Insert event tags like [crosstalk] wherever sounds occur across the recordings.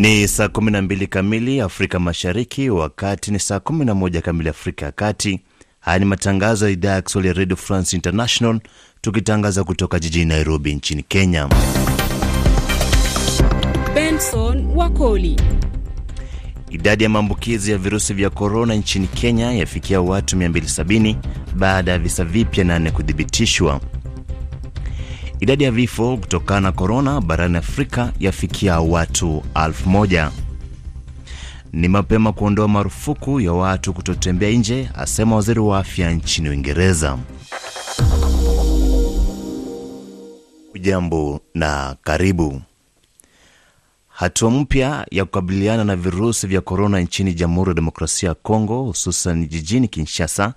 Ni saa 12 kamili Afrika Mashariki, wakati ni saa 11 kamili Afrika ya Kati. Haya ni matangazo ya idhaa ya Kiswahili ya Radio France International, tukitangaza kutoka jijini Nairobi nchini Kenya. Benson Wakoli. Idadi ya maambukizi ya virusi vya korona nchini Kenya yafikia watu 270 baada ya visa vipya nane kuthibitishwa. Idadi ya vifo kutokana na korona barani Afrika yafikia watu elfu moja. Ni mapema kuondoa marufuku ya watu kutotembea nje, asema waziri wa afya nchini Uingereza. Ujambo na karibu. Hatua mpya ya kukabiliana na virusi vya korona nchini Jamhuri ya Demokrasia ya Kongo, hususan jijini Kinshasa,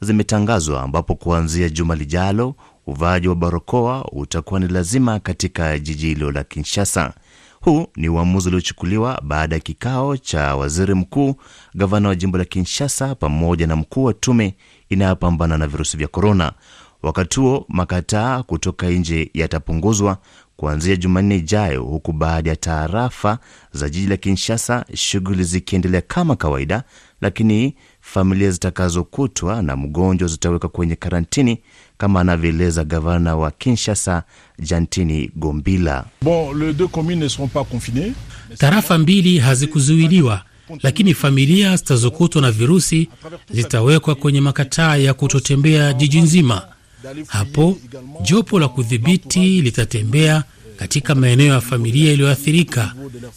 zimetangazwa ambapo kuanzia juma lijalo uvaaji wa barakoa utakuwa ni lazima katika jiji hilo la Kinshasa. Huu ni uamuzi uliochukuliwa baada ya kikao cha waziri mkuu, gavana wa jimbo la Kinshasa pamoja na mkuu wa tume inayopambana na virusi vya korona. Wakati huo makataa kutoka nje yatapunguzwa kuanzia Jumanne ijayo, huku baadhi ya taarafa za jiji la Kinshasa shughuli zikiendelea kama kawaida, lakini familia zitakazokutwa na mgonjwa zitaweka kwenye karantini kama anavyoeleza gavana wa Kinshasa Jantini Gombila. Bon, tarafa mbili hazikuzuiliwa, lakini familia zitazokutwa na virusi zitawekwa kwenye makataa ya kutotembea jiji nzima. Hapo jopo la kudhibiti litatembea katika maeneo ya familia iliyoathirika,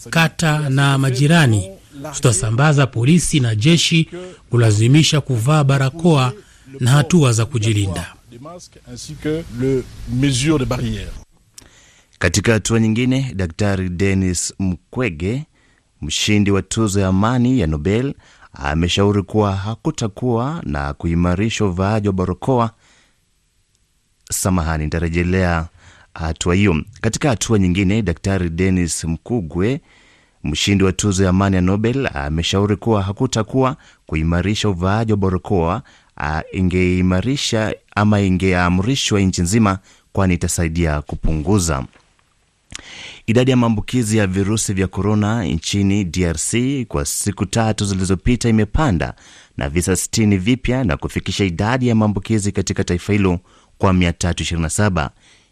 kata na majirani tutasambaza polisi na jeshi kulazimisha kuvaa barakoa na hatua za kujilinda. Katika hatua nyingine, Daktari Denis Mukwege, mshindi wa tuzo ya amani ya Nobel, ameshauri kuwa hakutakuwa na kuimarisha uvaaji wa barakoa. Samahani, nitarejelea hatua hiyo. Katika hatua nyingine, Daktari Denis mkugwe Mshindi wa tuzo ya amani ya Nobel ameshauri kuwa hakutakuwa kuimarisha uvaaji wa barakoa ingeimarisha ama ingeamrishwa nchi nzima, kwani itasaidia kupunguza idadi ya maambukizi ya virusi vya korona nchini DRC kwa siku tatu zilizopita imepanda na visa 60 vipya na kufikisha idadi ya maambukizi katika taifa hilo kwa 327.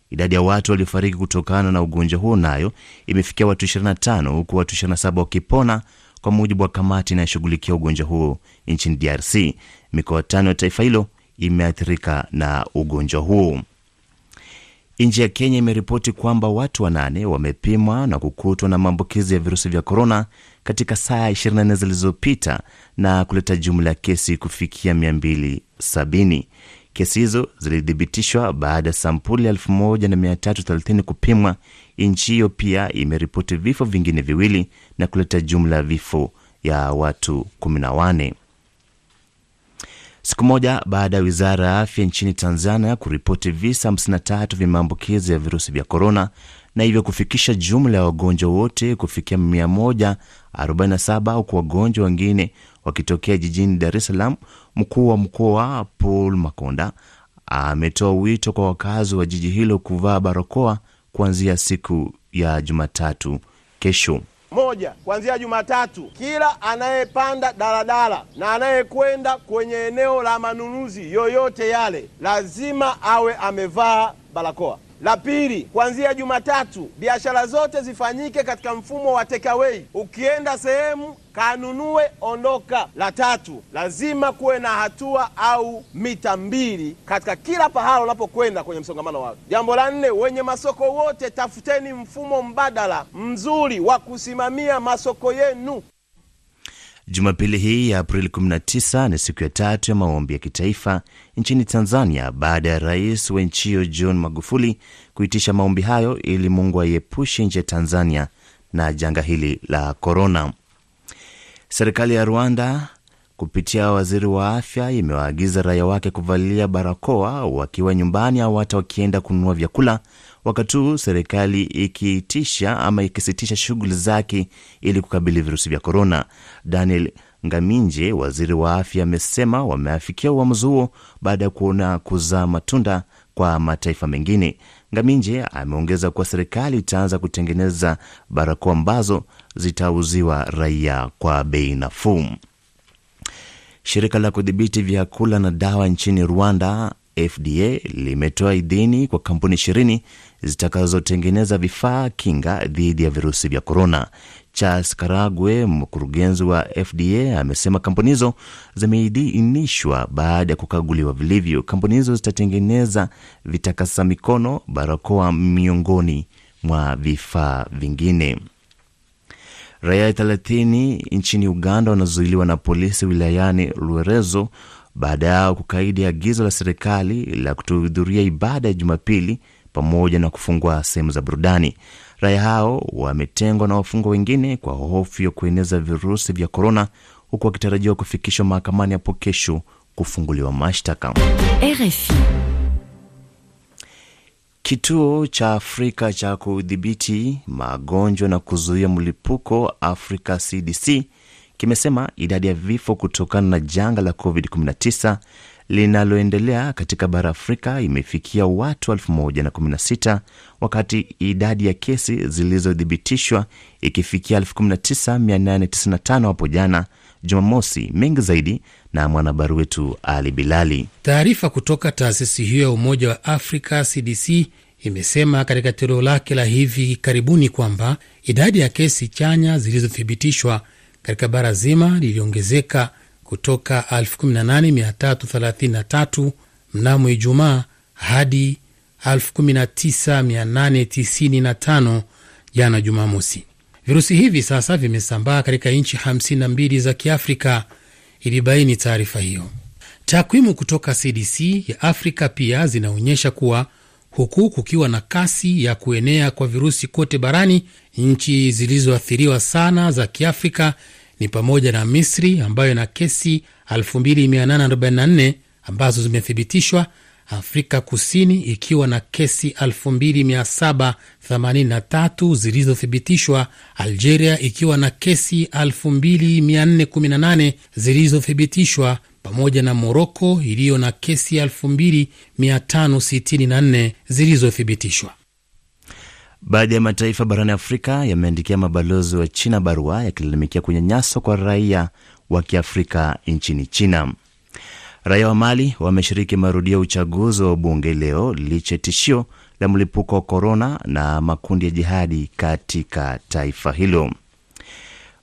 Idadi ya watu waliofariki kutokana na ugonjwa huo nayo imefikia watu 25 huku watu 27 wakipona kwa mujibu wa kamati inayoshughulikia ugonjwa huo nchini DRC. Mikoa tano ya taifa hilo imeathirika na ugonjwa huo. Nchi ya Kenya imeripoti kwamba watu wanane wamepimwa na kukutwa na maambukizi ya virusi vya korona katika saa 24 zilizopita na kuleta jumla ya kesi kufikia 270. Kesi hizo zilithibitishwa baada ya sampuli 1330 kupimwa. Nchi hiyo pia imeripoti vifo vingine viwili na kuleta jumla ya vifo ya watu 14. Siku moja baada ya wizara ya afya nchini Tanzania kuripoti visa 53 vya maambukizi ya virusi vya korona na hivyo kufikisha jumla ya wagonjwa wote kufikia 147 huku wagonjwa wengine wakitokea jijini Dar es Salaam, mkuu wa mkoa Paul Makonda ametoa wito kwa wakazi wa jiji hilo kuvaa barakoa kuanzia siku ya Jumatatu kesho. Moja, kuanzia Jumatatu, kila anayepanda daladala na anayekwenda kwenye eneo la manunuzi yoyote yale lazima awe amevaa barakoa. La pili, kuanzia Jumatatu biashara zote zifanyike katika mfumo wa takeaway. Ukienda sehemu kanunue, ondoka. La tatu, lazima kuwe na hatua au mita mbili katika kila pahala unapokwenda kwenye msongamano wa Jambo la nne, wenye masoko wote tafuteni mfumo mbadala mzuri wa kusimamia masoko yenu. Jumapili hii ya Aprili 19 ni siku ya tatu ya maombi ya kitaifa nchini Tanzania baada ya rais wa nchi hiyo John Magufuli kuitisha maombi hayo ili Mungu aiepushe nchi ya Tanzania na janga hili la korona. Serikali ya Rwanda kupitia waziri wa afya imewaagiza raia wake kuvalia barakoa wakiwa nyumbani au hata wakienda kununua vyakula wakati huu serikali ikiitisha ama ikisitisha shughuli zake ili kukabili virusi vya korona. Daniel Ngaminje, waziri wa afya, amesema wameafikia uamuzi huo baada ya kuona kuzaa matunda kwa mataifa mengine. Ngaminje ameongeza kuwa serikali itaanza kutengeneza barakoa ambazo zitauziwa raia kwa bei nafuu. Shirika la kudhibiti vyakula na dawa nchini Rwanda, FDA, limetoa idhini kwa kampuni ishirini zitakazotengeneza vifaa kinga dhidi ya virusi vya korona. Charles Karagwe, mkurugenzi wa FDA, amesema kampuni hizo zimeidhinishwa baada ya kukaguliwa vilivyo. Kampuni hizo zitatengeneza vitakasa mikono, barakoa, miongoni mwa vifaa vingine. Raia 30 nchini Uganda wanazuiliwa na polisi wilayani Luerezo baada yao kukaidi agizo la serikali la kutohudhuria ibada ya Jumapili pamoja na kufungwa sehemu za burudani. Raia hao wametengwa na wafungwa wengine kwa hofu ya kueneza virusi vya korona, huku wakitarajiwa kufikishwa mahakamani hapo kesho kufunguliwa mashtaka. Kituo cha Afrika cha kudhibiti magonjwa na kuzuia mlipuko Afrika CDC kimesema idadi ya vifo kutokana na janga la COVID-19 linaloendelea katika bara Afrika imefikia watu 116 wakati idadi ya kesi zilizothibitishwa ikifikia 19895 hapo jana Jumamosi. Mengi zaidi na mwanahabari wetu Ali Bilali. Taarifa kutoka taasisi hiyo ya Umoja wa Afrika CDC imesema katika toleo lake la hivi karibuni kwamba idadi ya kesi chanya zilizothibitishwa katika bara zima liliongezeka kutoka 18333 mnamo Ijumaa hadi 19895 jana Jumamosi. Virusi hivi sasa vimesambaa katika nchi 52 za Kiafrika, ilibaini taarifa hiyo. Takwimu kutoka CDC ya Afrika pia zinaonyesha kuwa huku kukiwa na kasi ya kuenea kwa virusi kote barani, nchi zilizoathiriwa sana za Kiafrika ni pamoja na Misri ambayo ina kesi 2844 ambazo zimethibitishwa, Afrika Kusini ikiwa na kesi 2783 zilizothibitishwa, Algeria ikiwa na kesi 2418 zilizothibitishwa pamoja na Moroko iliyo na kesi 2564 zilizothibitishwa. Baadhi ya mataifa barani Afrika yameandikia mabalozi wa China barua yakilalamikia kunyanyaswa kwa raia wa kiafrika nchini China. Raia wa Mali wameshiriki marudio ya uchaguzi wa bunge leo licha ya tishio la mlipuko wa korona na makundi ya jihadi katika taifa hilo.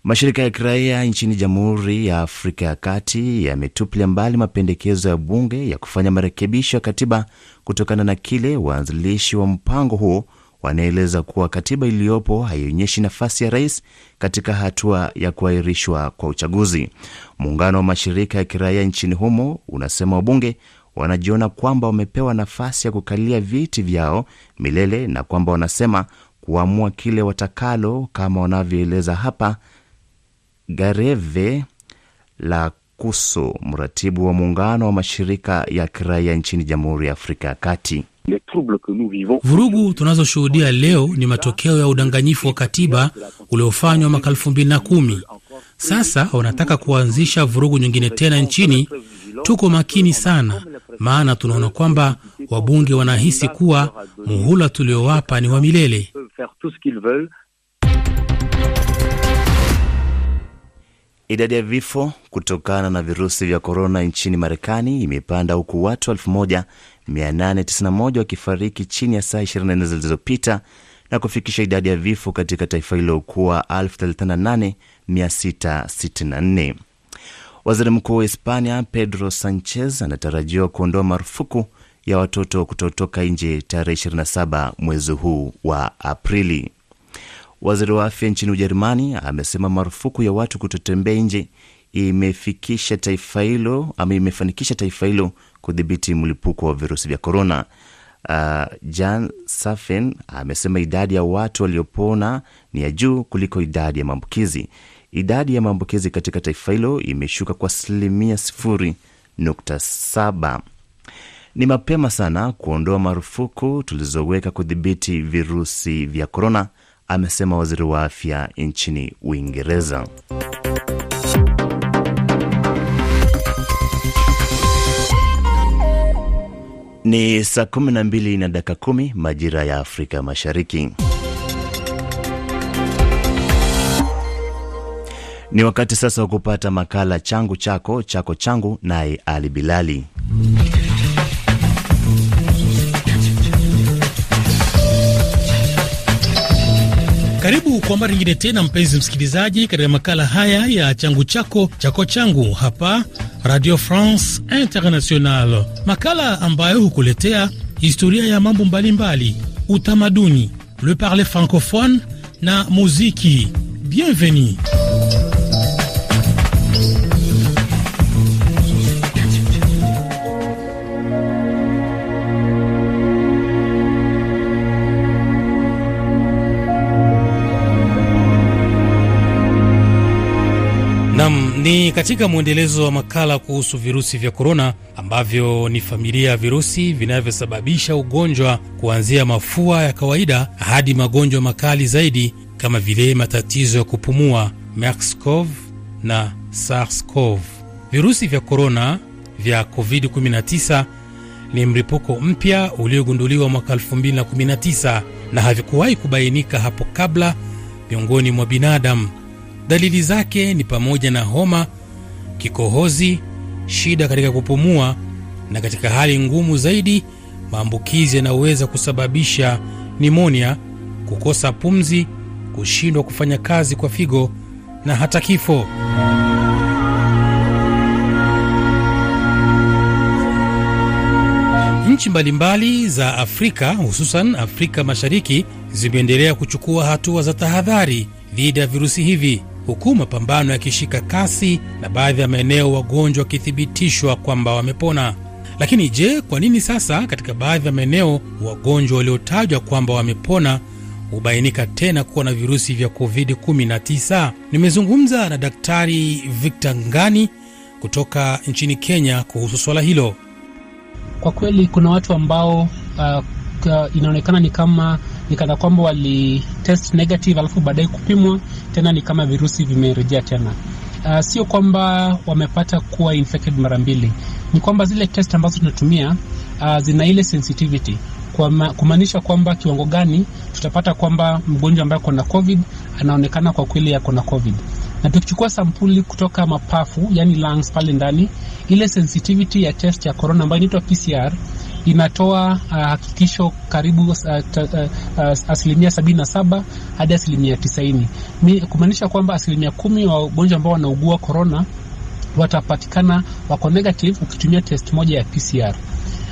Mashirika ya kiraia nchini Jamhuri ya Afrika ya Kati yametupilia mbali mapendekezo ya bunge ya kufanya marekebisho ya katiba kutokana na kile waanzilishi wa mpango huo wanaeleza kuwa katiba iliyopo haionyeshi nafasi ya rais katika hatua ya kuahirishwa kwa uchaguzi. Muungano wa mashirika ya kiraia nchini humo unasema wabunge wanajiona kwamba wamepewa nafasi ya kukalia viti vyao milele na kwamba wanasema kuamua kile watakalo, kama wanavyoeleza hapa Gareve la Kuso, mratibu wa muungano wa mashirika ya kiraia nchini Jamhuri ya Afrika ya Kati. Vurugu tunazoshuhudia leo ni matokeo ya udanganyifu wa katiba uliofanywa mwaka elfu mbili na kumi. Sasa wanataka kuanzisha vurugu nyingine tena nchini. Tuko makini sana, maana tunaona kwamba wabunge wanahisi kuwa muhula tuliowapa ni wa milele. Idadi ya vifo kutokana na virusi vya korona nchini Marekani imepanda huku watu elfu moja 891 wakifariki chini ya saa 24 zilizopita na kufikisha idadi ya vifo katika taifa hilo kuwa 38664. Waziri mkuu wa Hispania Pedro Sanchez anatarajiwa kuondoa marufuku ya watoto kutotoka nje tarehe 27 mwezi huu wa Aprili. Waziri wa afya nchini Ujerumani amesema marufuku ya watu kutotembea nje imefikisha taifa hilo ama imefanikisha taifa hilo kudhibiti mlipuko wa virusi vya korona. Uh, ah, Jan Safin amesema idadi ya watu waliopona ni ya juu kuliko idadi ya maambukizi. Idadi ya maambukizi katika taifa hilo imeshuka kwa asilimia sifuri nukta saba. Ni mapema sana kuondoa marufuku tulizoweka kudhibiti virusi vya korona, amesema waziri wa afya nchini Uingereza. Ni saa 12 na daka 10 majira ya Afrika Mashariki. Ni wakati sasa wa kupata makala changu chako chako changu, naye Ali Bilali. Karibu kwa mara nyingine tena, mpenzi msikilizaji, katika makala haya ya changu chako chako changu hapa Radio France International, makala ambayo hukuletea historia ya mambo mbalimbali, utamaduni, le parler francophone na muziki. Bienvenue. Ni katika mwendelezo wa makala kuhusu virusi vya korona ambavyo ni familia ya virusi vinavyosababisha ugonjwa kuanzia mafua ya kawaida hadi magonjwa makali zaidi kama vile matatizo ya kupumua MERS-CoV na SARS-CoV. Virusi vya korona vya COVID-19 ni mlipuko mpya uliogunduliwa mwaka 2019 na havikuwahi kubainika hapo kabla miongoni mwa binadamu. Dalili zake ni pamoja na homa, kikohozi, shida katika kupumua, na katika hali ngumu zaidi, maambukizi yanaweza kusababisha nimonia, kukosa pumzi, kushindwa kufanya kazi kwa figo na hata kifo. Nchi mbalimbali za Afrika hususan Afrika Mashariki zimeendelea kuchukua hatua za tahadhari dhidi ya virusi hivi huku mapambano yakishika kasi na baadhi ya maeneo wagonjwa wakithibitishwa kwamba wamepona. Lakini je, kwa nini sasa katika baadhi ya maeneo wagonjwa waliotajwa kwamba wamepona hubainika tena kuwa na virusi vya COVID-19? Nimezungumza na Daktari Victor Ngani kutoka nchini Kenya kuhusu swala hilo. Kwa kweli kuna watu ambao uh, inaonekana ni kama ni kana kwamba wali test negative, alafu baadaye kupimwa tena ni kama virusi vimerejea tena. Uh, sio kwamba wamepata kuwa infected mara mbili, ni kwamba zile test ambazo tunatumia uh, zina ile sensitivity kwa ma, kumaanisha kwamba kiwango gani tutapata kwamba mgonjwa ambaye ako na covid anaonekana kwa kweli yako na covid. Na tukichukua sampuli kutoka mapafu, yani lungs, pale ndani, ile sensitivity ya test ya corona ambayo inaitwa PCR inatoa uh, hakikisho karibu uh, uh, uh, asilimia 77 hadi asilimia 90, kumaanisha kwamba asilimia kumi wa wagonjwa ambao wanaugua corona watapatikana wako negative ukitumia test moja ya PCR.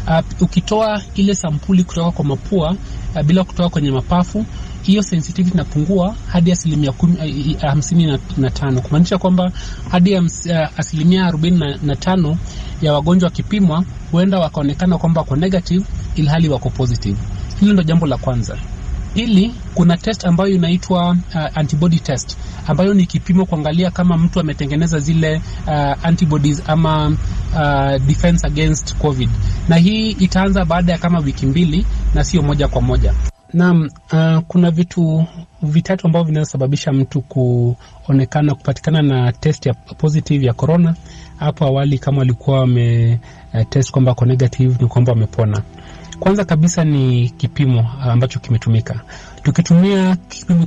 Uh, ukitoa ile sampuli kutoka kwa mapua uh, bila kutoka kwenye mapafu hiyo sensitivity inapungua hadi asilimia eh, eh, hamsini na tano kumaanisha kwamba hadi eh, asilimia arobaini na tano ya wagonjwa wakipimwa huenda wakaonekana kwamba wako negative ilhali wako positive. Hilo ndo jambo la kwanza. Pili, kuna test ambayo inaitwa uh, antibody test ambayo ni kipimo kuangalia kama mtu ametengeneza zile uh, antibodies ama uh, defense against covid, na hii itaanza baada ya kama wiki mbili na sio moja kwa moja. Naam, uh, kuna vitu vitatu ambavyo vinaosababisha mtu kuonekana kupatikana na test ya positive ya corona. Hapo awali kama walikuwa wame uh, eh, test kwamba ako negative, ni kwamba wamepona. Kwanza kabisa ni kipimo ambacho kimetumika. Tukitumia kipimo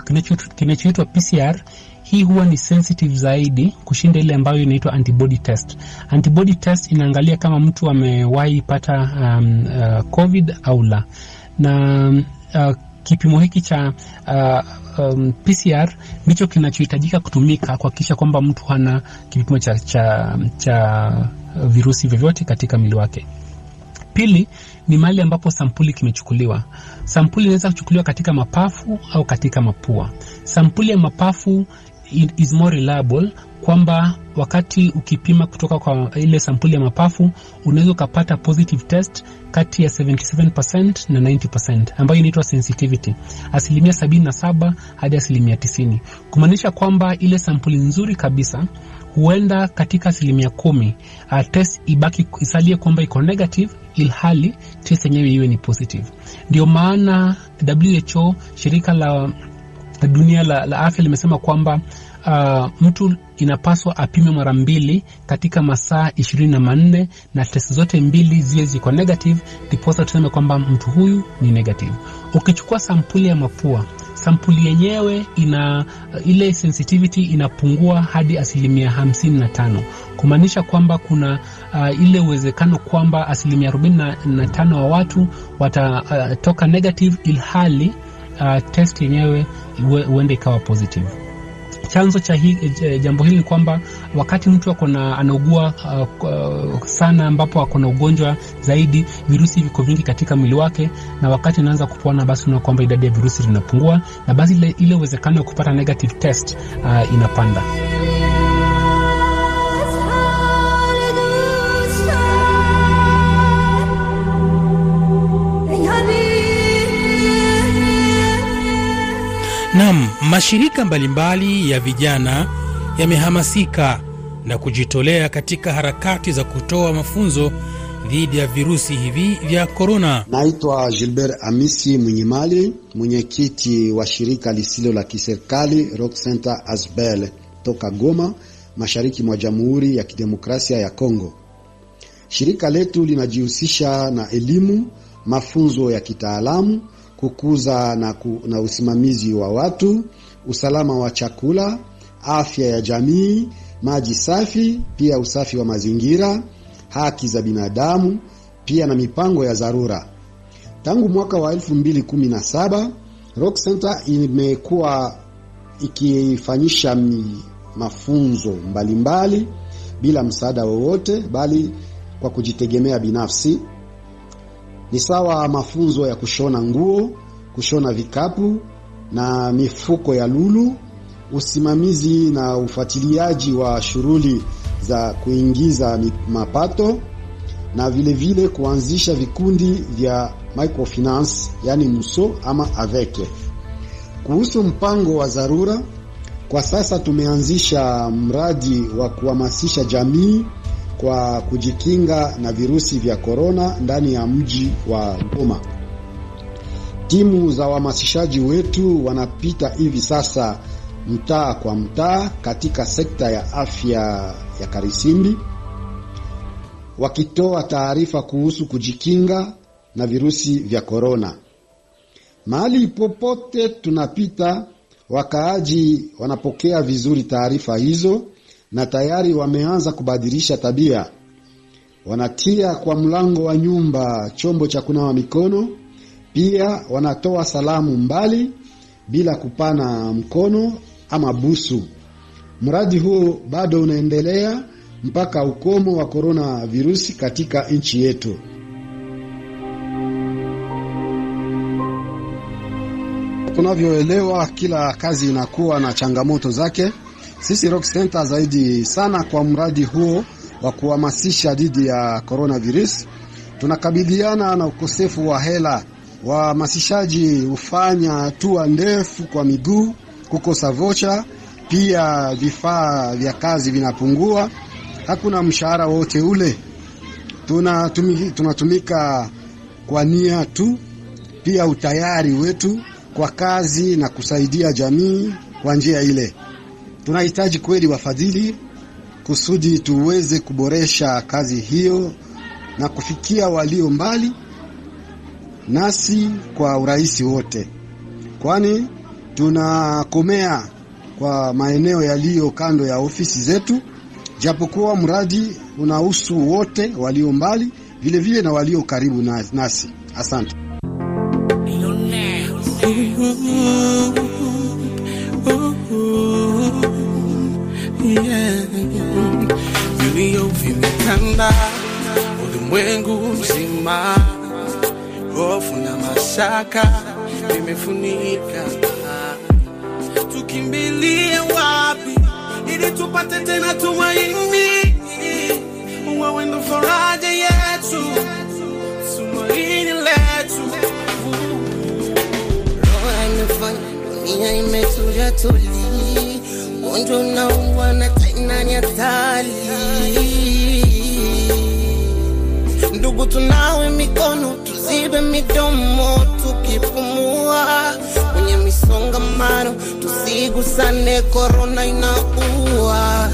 kinachoitwa PCR, hii huwa ni sensitive zaidi kushinda ile ambayo inaitwa antibody test. Antibody test inaangalia kama mtu amewahi pata um, uh, covid au la na uh, kipimo hiki cha uh, um, PCR ndicho kinachohitajika kutumika kuhakikisha kwamba mtu hana kipimo cha, cha, cha virusi vyovyote katika mwili wake. Pili ni mahali ambapo sampuli kimechukuliwa. Sampuli inaweza kuchukuliwa katika mapafu au katika mapua. Sampuli ya mapafu is more reliable kwamba wakati ukipima kutoka kwa ile sampuli ya mapafu unaweza ukapata positive test kati ya 77% na 90% ambayo inaitwa sensitivity, asilimia 77 hadi asilimia 90, kumaanisha kwamba ile sampuli nzuri kabisa huenda katika asilimia kumi uh, test ibaki isalie kwamba iko negative, ilhali test yenyewe iwe ni positive. Ndio maana WHO, shirika la dunia la, la afya limesema kwamba uh, mtu inapaswa apime mara mbili katika masaa 24 na test zote mbili ziwe ziko negative, ndiposa tuseme kwamba mtu huyu ni negative. Ukichukua sampuli ya mapua sampuli yenyewe ina uh, ile sensitivity inapungua hadi asilimia 55, kumaanisha kwamba kuna uh, ile uwezekano kwamba asilimia 45 wa watu watatoka uh, negative ilhali uh, test yenyewe huenda ikawa positive chanzo cha hi, eh, jambo hili ni kwamba wakati mtu ako na anaugua uh, sana ambapo ako na ugonjwa zaidi, virusi viko vingi katika mwili wake, na wakati anaanza kupona, basi unaona kwamba idadi ya virusi vinapungua, na basi ile uwezekano wa kupata negative test uh, inapanda. Naam, mashirika mbalimbali ya vijana yamehamasika na kujitolea katika harakati za kutoa mafunzo dhidi ya virusi hivi vya korona. Naitwa Gilbert Amisi Mwinyimali, mwenyekiti wa shirika lisilo la kiserikali Rock Center Asbel toka Goma, mashariki mwa Jamhuri ya Kidemokrasia ya Kongo. Shirika letu linajihusisha na elimu, mafunzo ya kitaalamu kukuza na, ku, na usimamizi wa watu, usalama wa chakula, afya ya jamii, maji safi, pia usafi wa mazingira, haki za binadamu, pia na mipango ya dharura. Tangu mwaka wa 2017 Rock Center imekuwa ikifanyisha mafunzo mbalimbali mbali, bila msaada wowote bali kwa kujitegemea binafsi ni sawa mafunzo ya kushona nguo, kushona vikapu na mifuko ya lulu, usimamizi na ufuatiliaji wa shughuli za kuingiza mapato na vilevile vile kuanzisha vikundi vya microfinance yani muso ama aveke. Kuhusu mpango wa dharura, kwa sasa tumeanzisha mradi wa kuhamasisha jamii kwa kujikinga na virusi vya korona ndani ya mji wa Goma. Timu za uhamasishaji wetu wanapita hivi sasa mtaa kwa mtaa katika sekta ya afya ya Karisimbi wakitoa taarifa kuhusu kujikinga na virusi vya korona. Mahali popote tunapita, wakaaji wanapokea vizuri taarifa hizo na tayari wameanza kubadilisha tabia. Wanatia kwa mlango wa nyumba chombo cha kunawa mikono, pia wanatoa salamu mbali bila kupana mkono ama busu. Mradi huo bado unaendelea mpaka ukomo wa korona virusi katika nchi yetu. Tunavyoelewa, kila kazi inakuwa na changamoto zake. Sisi Rock Center zaidi sana kwa mradi huo wa kuhamasisha dhidi ya coronavirus. Tunakabiliana na ukosefu wa hela. Wahamasishaji hufanya hatua ndefu kwa miguu, kukosa vocha, pia vifaa vya kazi vinapungua, hakuna mshahara wote ule. Tunatumika, tunatumika kwa nia tu, pia utayari wetu kwa kazi na kusaidia jamii kwa njia ile. Tunahitaji kweli wafadhili kusudi tuweze kuboresha kazi hiyo na kufikia walio mbali nasi kwa urahisi wote, kwani tunakomea kwa maeneo yaliyo kando ya ofisi zetu, japokuwa mradi unahusu wote walio mbali vilevile na walio karibu nasi. Asante. vilio vimetanda ulimwengu mzima, hofu na mashaka vimefunika. Tukimbilie wapi ili tupate tena tumaini? Wewe ndo faraja yetu, tumaini letu. Roho imefanya dunia imetulia tulia Mgonjwa unaungwa na tainani hatari. Ndugu, tunawe mikono, tuzibe midomo tukipumua. Kwenye misongamano tusigusane, korona inaua.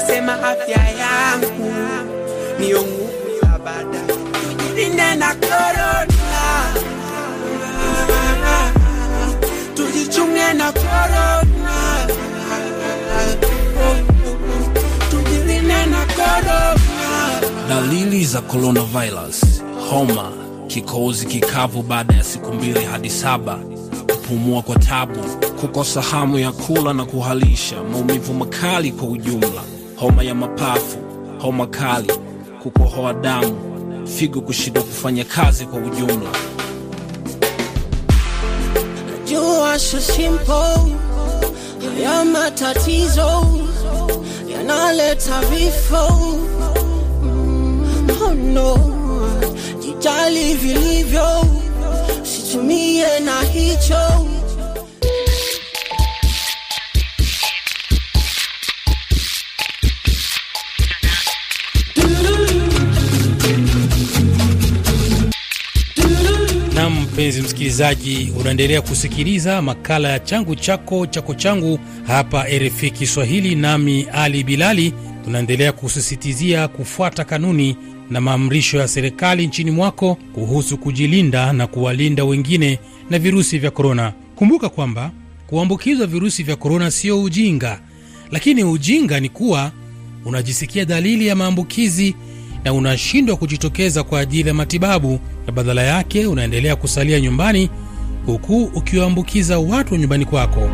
nasema afya yangu niyo nguvu ya baadaye, tujilinde na korona, tujichunge na korona, tujilinde na korona. Dalili za coronavirus: homa, kikozi kikavu baada ya siku mbili hadi saba kupumua kwa tabu, kukosa hamu ya kula na kuhalisha, maumivu makali kwa ujumla homa ya mapafu, homa kali, kukohoa damu, figo kushindwa kufanya kazi kwa ujumla. Najua so simple, haya matatizo yanaleta vifo. Mm, oh no, jijali vilivyo, situmie na hicho mpenzi msikilizaji, unaendelea kusikiliza makala ya changu chako chako changu hapa RFI Kiswahili, nami Ali Bilali. Tunaendelea kusisitizia kufuata kanuni na maamrisho ya serikali nchini mwako kuhusu kujilinda na kuwalinda wengine na virusi vya korona. Kumbuka kwamba kuambukizwa virusi vya korona sio ujinga, lakini ujinga ni kuwa unajisikia dalili ya maambukizi na unashindwa kujitokeza kwa ajili ya matibabu na badala yake unaendelea kusalia nyumbani huku ukiwaambukiza watu wa nyumbani kwako.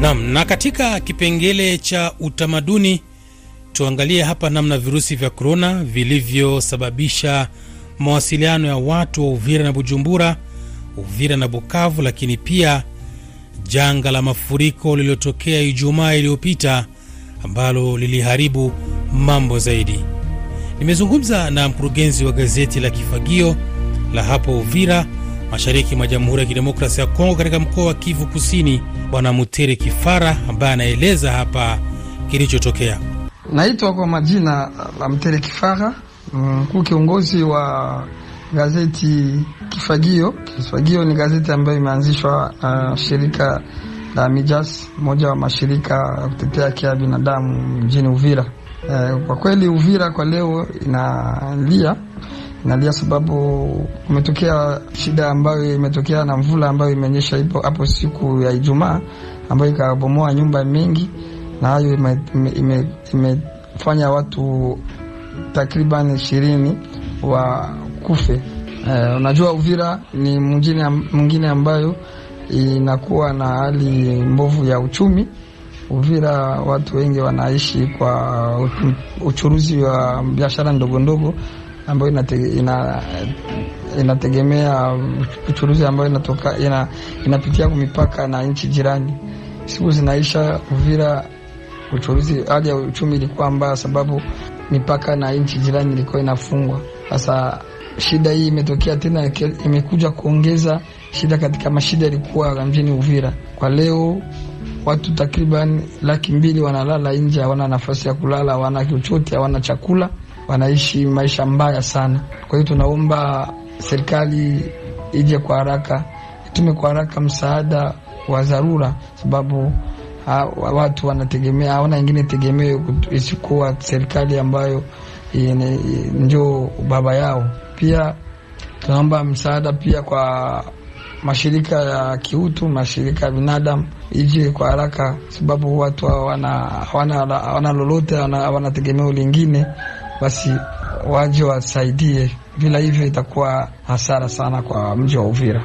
Nam, na katika kipengele cha utamaduni tuangalie hapa namna virusi vya korona vilivyosababisha mawasiliano ya watu wa Uvira na Bujumbura Uvira na Bukavu, lakini pia janga la mafuriko lililotokea Ijumaa iliyopita ambalo liliharibu mambo zaidi. Nimezungumza na mkurugenzi wa gazeti la Kifagio la hapo Uvira, mashariki mwa Jamhuri ya Kidemokrasia ya Kongo, katika mkoa wa Kivu Kusini, Bwana Mutere Kifara ambaye anaeleza hapa kilichotokea. Naitwa kwa majina la Mtere Kifara, mkuu kiongozi wa Gazeti Kifagio. Kifagio ni gazeti ambayo imeanzishwa na uh, shirika la Mijas, moja wa mashirika ya kutetea haki ya binadamu mjini Uvira. Uh, kwa kweli Uvira kwa leo inalia nalia sababu kumetokea shida ambayo imetokea na mvula ambayo imeonyesha ipo hapo siku ya Ijumaa ambayo ikabomoa nyumba mingi, na hayo imefanya ime, ime watu takriban ishirini wa kufe. Uh, unajua Uvira ni mwingine ambayo inakuwa na hali mbovu ya uchumi. Uvira watu wengi wanaishi kwa uchuruzi wa biashara ndogo ndogo ambayo inate, ina, inategemea uchuruzi ambayo inatoka, ina, inapitia mipaka na nchi jirani. Siku zinaisha Uvira uchuruzi, hali ya uchumi ilikuwa mbaya, sababu mipaka na nchi jirani ilikuwa inafungwa. Sasa Shida hii imetokea tena, imekuja kuongeza shida katika mashida yalikuwa mjini Uvira. Kwa leo watu takriban laki mbili wanalala nje, hawana nafasi ya kulala, hawana chochote, hawana chakula, wanaishi maisha mbaya sana. Kwa hiyo tunaomba serikali ije kwa haraka, itume kwa haraka msaada wa dharura, sababu ha, watu wanategemea, hawana ingine tegemeo isikuwa serikali ambayo njo baba yao. Pia tunaomba msaada pia kwa mashirika ya kiutu, mashirika ya binadamu ije kwa haraka, sababu watu hawana lolote, hawana tegemeo lingine, basi waje wasaidie, bila hivyo itakuwa hasara sana kwa mji wa Uvira.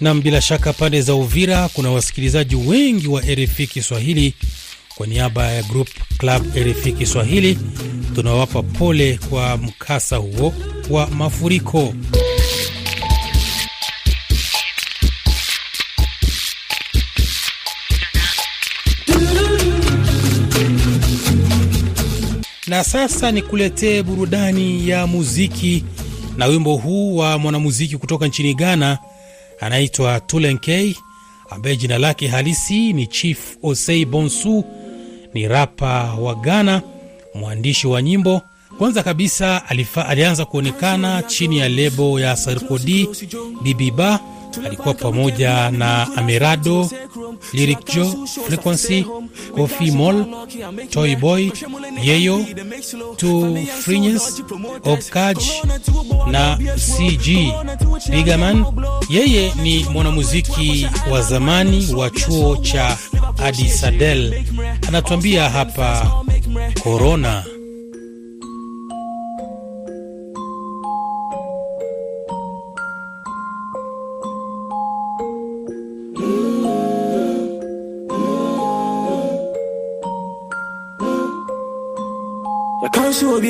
Nam, bila shaka pande za Uvira kuna wasikilizaji wengi wa RFI Kiswahili. Kwa niaba ya Group Club RFI Kiswahili tunawapa pole kwa mkasa huo wa mafuriko. Na sasa nikuletee burudani ya muziki na wimbo huu wa mwanamuziki kutoka nchini Ghana anaitwa Tulenkei ambaye jina lake halisi ni Chief Osei Bonsu. Ni rapa wa Ghana, mwandishi wa nyimbo. Kwanza kabisa alifa, alianza kuonekana chini ya lebo ya Sarkodie Bibiba alikuwa pamoja na Amerado, Lyric Joe, Frequency, Kofi Mol, Toy Boy, Yeyo, Tu Frinyes, Obkaj na CG Bigaman. Yeye ni mwanamuziki wa zamani wa chuo cha adisadel anatuambia hapa korona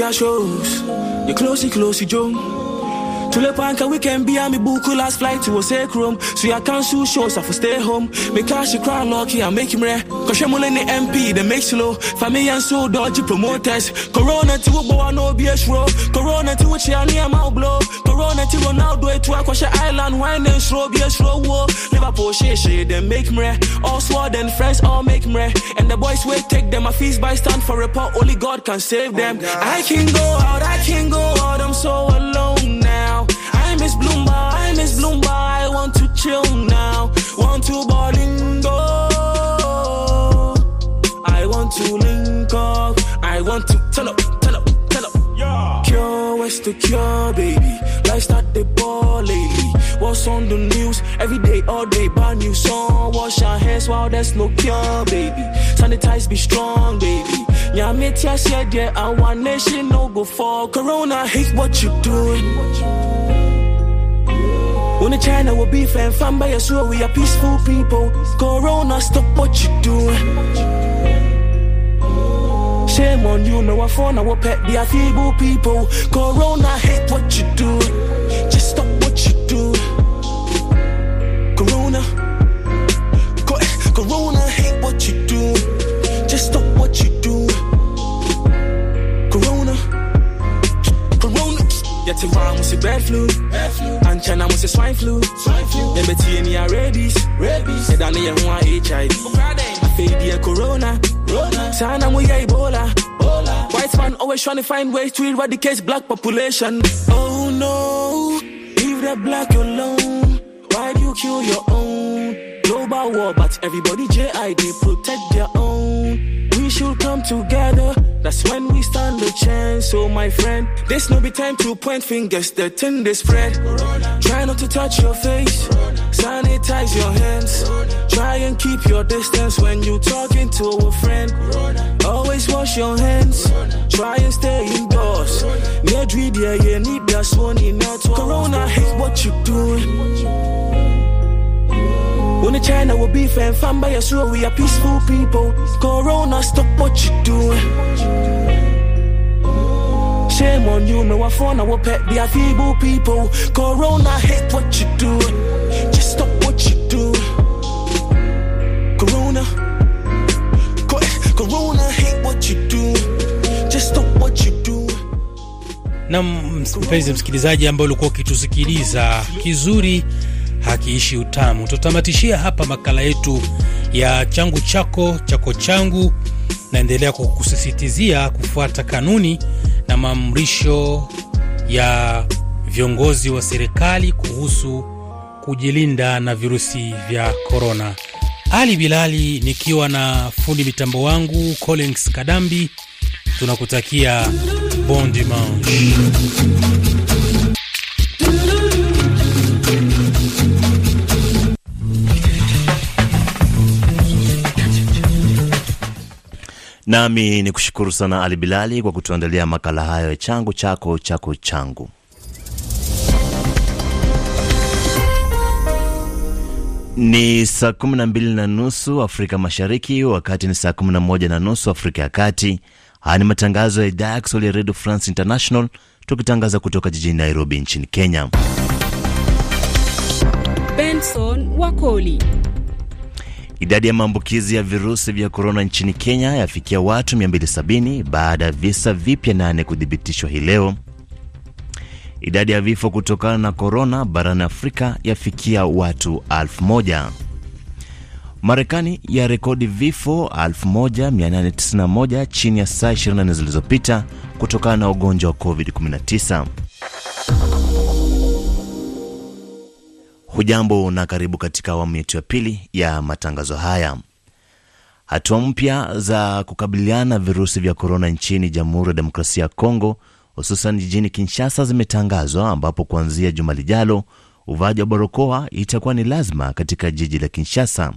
your shows. You're closey, closey, Joe. To the tulepanka weekend bia me book last flight to a room. so ya cancel shows i for stay home me cash cry lucky i make him rare kɔhwɛ in the mp the make slow Family and so dodgy promoters corona ti wo bɔwa na obi esuro corona ti wo kyea ne ama wo blow corona ti ronaldo Cause akɔhyɛ island wine ne nsuro obi esuro wo liverpool hyehyee dem make mmerɛ all sword and friends all make mmerɛ and the boys wey take them a feast by stand for report only god can save them oh, i can go out i can go out i'm so alone Miss Bloomba, Miss Bloomba, I want to chill now. Want to bolingo. I want to link up. I want to tell up, tell up, tell up. Yeah. Cure, what's the cure, baby? Life start the ball lately. What's on the news? Every day, all day, brand new song. Wash our hands while there's no cure, baby. Sanitize, be strong, baby. Yeah, me tia said, yeah, our nation no go for Corona, hate what you doing. When the China will beef and fan by us, sure we are peaceful people. Corona, stop what you do. Shame on you, no one phone, I will pet the feeble people. Corona, hate what you do. Just stop what you do. Corona, Co- Corona. Get him bound with bird flu. Bird flu. And China with swine flu. Swine flu. Then betty any rabies. Rabies. Said I need one HIV. I feel the corona. Corona. Sana mu ya Ebola. Ebola. White man always trying to find ways to eradicate black population. Oh no, leave the black alone. Why do you kill your own? Global war, but everybody JID protect their own should come together. That's when we stand a chance, So oh my friend. This no be time to point fingers, the thing they spread. Try not to touch your face, sanitize your hands. Try and keep your distance when you talking to a friend. Always wash your hands, try and stay indoors. Need read, yeah, you need that Corona, hate what you doing. Only China will beef and fan by us, we are peaceful people. Corona, stop what you doing. Shame on you, no one for I pet pet the feeble people. Corona, hate what you do. Just stop what you do. Corona, Corona, hate what you do. Just stop what you do. Na mpenzi msikilizaji ambaye ulikuwa ukitusikiliza kizuri hakiishi utamu. Tutamatishia hapa makala yetu ya changu chako chako changu. Naendelea kwa kusisitizia kufuata kanuni na maamrisho ya viongozi wa serikali kuhusu kujilinda na virusi vya korona. Ali Bilali nikiwa na fundi mitambo wangu Collins Kadambi, tunakutakia bon dimanche. Nami ni kushukuru sana Ali Bilali kwa kutuandalia makala hayo ya changu chako chako changu. Ni saa 12 na nusu Afrika Mashariki, wakati ni saa 11 na nusu Afrika ya Kati. Haya ni matangazo ya idhaa ya Kiswahili ya Redio France International, tukitangaza kutoka jijini Nairobi nchini Kenya. Benson Wakoli Idadi ya maambukizi ya virusi vya korona nchini Kenya yafikia watu 270 baada ya visa vipya nane kuthibitishwa hii leo. Idadi ya vifo kutokana na korona barani Afrika yafikia watu 1 Marekani ya rekodi vifo 1891 chini ya saa 24 zilizopita kutokana na ugonjwa wa COVID-19. Hujambo na karibu katika awamu yetu ya pili ya matangazo haya. Hatua mpya za kukabiliana virusi vya korona nchini Jamhuri ya Demokrasia ya Kongo, hususan jijini Kinshasa, zimetangazwa ambapo kuanzia juma lijalo uvaaji wa barakoa itakuwa ni lazima katika jiji la Kinshasa.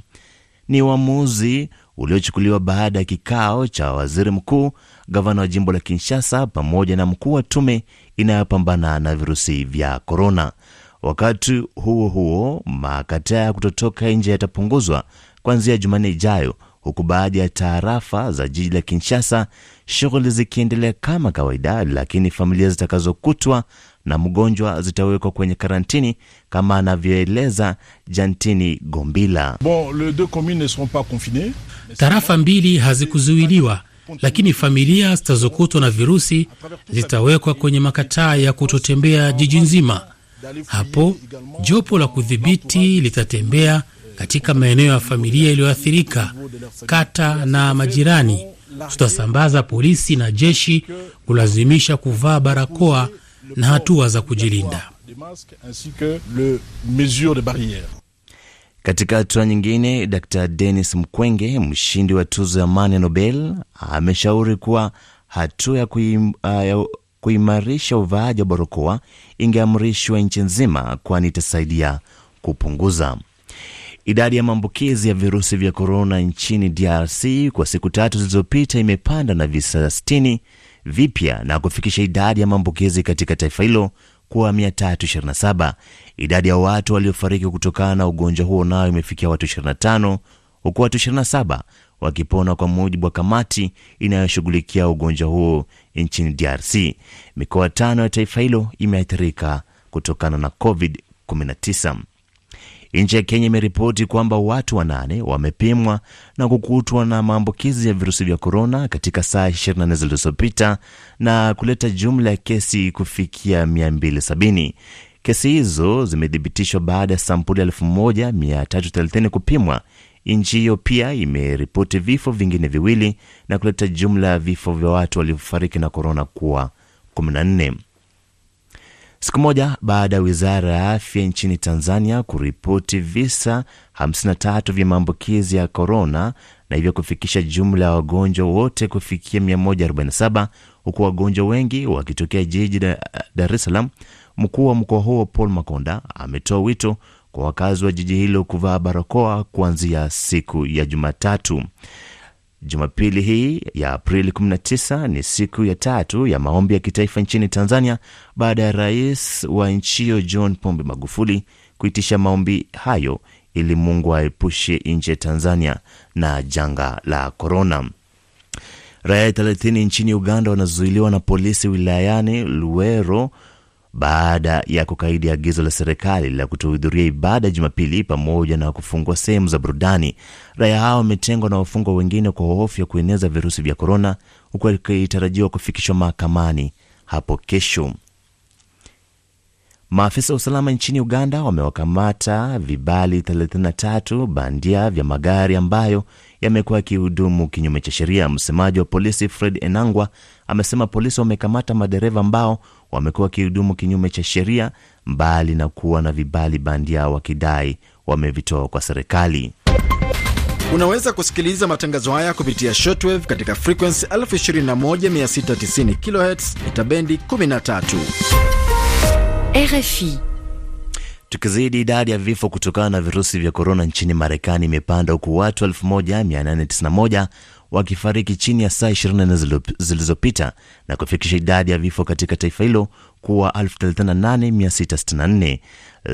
Ni uamuzi uliochukuliwa baada ya kikao cha waziri mkuu, gavana wa jimbo la Kinshasa pamoja na mkuu wa tume inayopambana na virusi vya korona. Wakati huo huo, makataa ya kutotoka nje yatapunguzwa kuanzia Jumanne ijayo, huku baadhi ya taarafa za jiji la Kinshasa shughuli zikiendelea kama kawaida, lakini familia zitakazokutwa na mgonjwa zitawekwa kwenye karantini kama anavyoeleza Jantini Gombila. Bon, tarafa mbili hazikuzuiliwa, lakini familia zitazokutwa na virusi zitawekwa kwenye makataa ya kutotembea jiji nzima. Hapo jopo la kudhibiti litatembea katika maeneo ya familia iliyoathirika, kata na majirani. Tutasambaza polisi na jeshi kulazimisha kuvaa barakoa na hatua za kujilinda. Katika hatua nyingine, Dr Denis Mkwenge, mshindi wa tuzo ya amani ya Nobel, ameshauri kuwa hatua ya, kuimarisha uvaaji wa barakoa ingeamrishwa nchi nzima, kwani itasaidia kupunguza idadi ya maambukizi ya virusi vya korona nchini DRC kwa siku tatu zilizopita imepanda na visa 60 vipya na kufikisha idadi ya maambukizi katika taifa hilo kuwa 327. Idadi ya watu waliofariki kutokana na ugonjwa huo nayo imefikia watu 25 huku watu 27 wakipona, kwa mujibu wa kamati inayoshughulikia ugonjwa huo nchini DRC. Mikoa tano ya taifa hilo imeathirika kutokana na COVID-19. Nchi ya Kenya imeripoti kwamba watu wanane wamepimwa na kukutwa na maambukizi ya virusi vya korona katika saa 24 zilizopita na kuleta jumla ya kesi kufikia 270. Kesi hizo zimethibitishwa baada ya sampuli 1330 kupimwa Nchi hiyo pia imeripoti vifo vingine viwili na kuleta jumla ya vifo vya watu waliofariki na korona kuwa 14. Siku moja baada ya wizara ya afya nchini Tanzania kuripoti visa 53 vya maambukizi ya korona na hivyo kufikisha jumla ya wagonjwa wote kufikia 147 huku wagonjwa wengi wakitokea jiji Dar es Salaam, mkuu wa mkoa huo Paul Makonda ametoa wito kwa wakazi wa jiji hilo kuvaa barakoa kuanzia siku ya Jumatatu. Jumapili hii ya Aprili 19 ni siku ya tatu ya maombi ya kitaifa nchini Tanzania baada ya rais wa nchi hiyo John Pombe Magufuli kuitisha maombi hayo ili Mungu aepushe nchi ya Tanzania na janga la korona. Raia 30 nchini Uganda wanazuiliwa na polisi wilayani Luwero baada ya kukaidi agizo la serikali la kutohudhuria ibada Jumapili pamoja na kufungua sehemu za burudani. Raia hao wametengwa na wafungwa wengine kwa hofu ya kueneza virusi vya korona, huku akitarajiwa kufikishwa mahakamani hapo kesho. Maafisa wa usalama nchini Uganda wamewakamata vibali 33 bandia vya magari ambayo yamekuwa yakihudumu kinyume cha sheria. Msemaji wa polisi Fred Enangwa amesema polisi wamekamata madereva ambao wamekuwa wakihudumu kinyume cha sheria, mbali na kuwa na vibali bandia wakidai wamevitoa kwa serikali. Unaweza kusikiliza matangazo haya kupitia shortwave katika frekuensi 21690 kHz ita bendi 13 RFI. Tukizidi, idadi ya vifo kutokana na virusi vya korona nchini Marekani imepanda huku watu 1891 wakifariki chini ya saa 24 zilizopita na kufikisha idadi ya vifo katika taifa hilo kuwa 38664.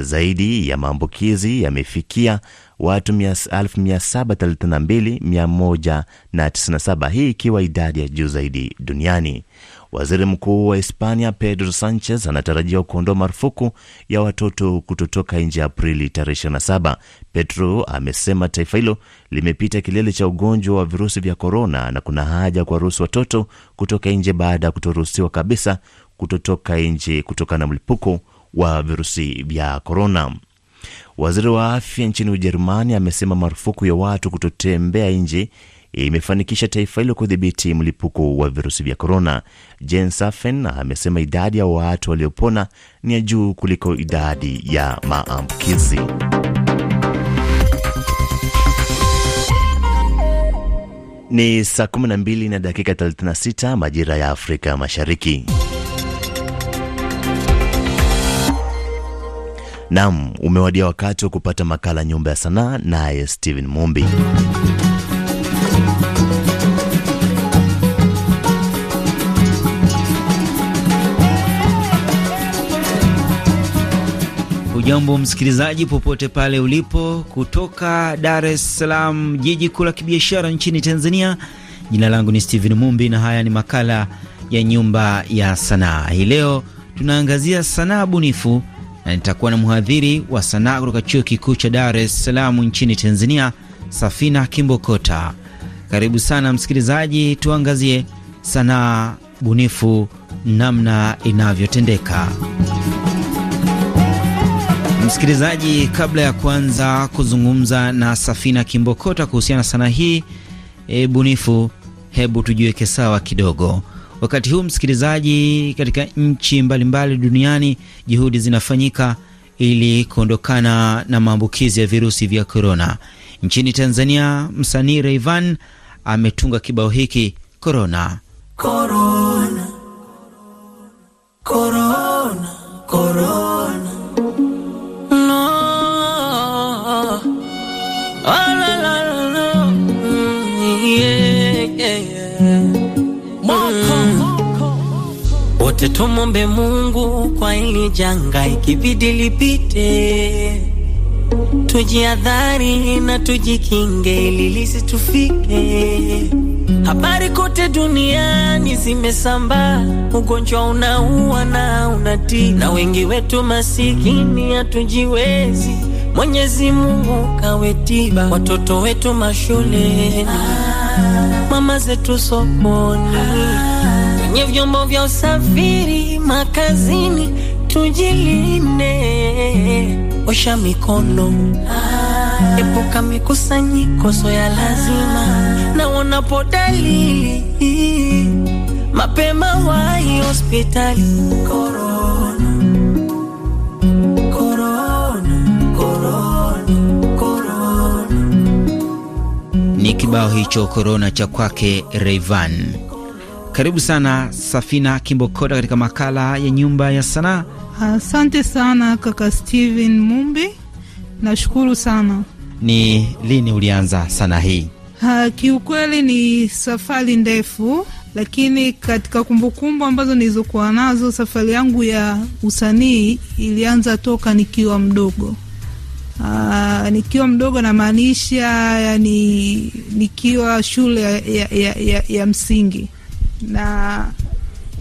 Zaidi ya maambukizi yamefikia watu 732197, hii ikiwa idadi ya juu zaidi duniani. Waziri Mkuu wa Hispania Pedro Sanchez anatarajiwa kuondoa marufuku ya watoto kutotoka nje Aprili tarehe 27. Petro amesema taifa hilo limepita kilele cha ugonjwa wa virusi vya korona na kuna haja ruhusu watoto kutoka nje baada ya kutoruhusiwa kabisa kutotoka nje kutokana na mlipuko wa virusi vya korona. Waziri wa afya nchini Ujerumani amesema marufuku ya watu kutotembea nje imefanikisha taifa hilo kudhibiti mlipuko wa virusi vya korona. Jane Safen amesema idadi ya watu waliopona ni ya juu kuliko idadi ya maambukizi. Ni saa 12 na dakika 36 majira ya Afrika Mashariki. Nam, umewadia wakati wa kupata makala Nyumba ya Sanaa, naye Stephen Mumbi. Jambo msikilizaji, popote pale ulipo, kutoka Dar es Salaam, jiji kuu la kibiashara nchini Tanzania. Jina langu ni Steven Mumbi na haya ni makala ya Nyumba ya Sanaa. Hii leo tunaangazia sanaa bunifu na nitakuwa na mhadhiri wa sanaa kutoka chuo kikuu cha Dar es Salaam nchini Tanzania, Safina Kimbokota. Karibu sana msikilizaji, tuangazie sanaa bunifu namna inavyotendeka. Msikilizaji, kabla ya kuanza kuzungumza na Safina Kimbokota kuhusiana na sanaa hii e, bunifu, hebu tujiweke sawa kidogo. Wakati huu msikilizaji, katika nchi mbalimbali duniani juhudi zinafanyika ili kuondokana na maambukizi ya virusi vya korona. Nchini Tanzania, msanii Rayvan ametunga kibao hiki Korona, korona, korona, korona. No. Oh, la, la, la, la. yeah, yeah, Wote tumombe Mungu kwa ili janga ikibidi lipite tujiadhari na tujikinge ili lisitufike. Habari kote duniani zimesambaa, ugonjwa unaua na unatii, na wengi wetu masikini hatujiwezi. Mwenyezi Mungu kawe tiba, watoto wetu mashuleni, mama zetu sokoni, kwenye vyombo vya usafiri, makazini, tujilinde osha mikono, epuka mikusanyiko so ya lazima, na unapo dalili mapema wahi hospitali. korona, korona, korona, korona. Ni kibao hicho korona cha kwake Rayvanny. Karibu sana Safina Kimbokoda katika makala ya Nyumba ya Sanaa. Asante sana kaka Steven Mumbi, nashukuru sana. Ni lini ulianza sanaa hii? Ha, kiukweli ni safari ndefu, lakini katika kumbukumbu ambazo nilizokuwa nazo, safari yangu ya usanii ilianza toka nikiwa mdogo. Aa, nikiwa mdogo namaanisha yani nikiwa shule ya, ya, ya, ya msingi na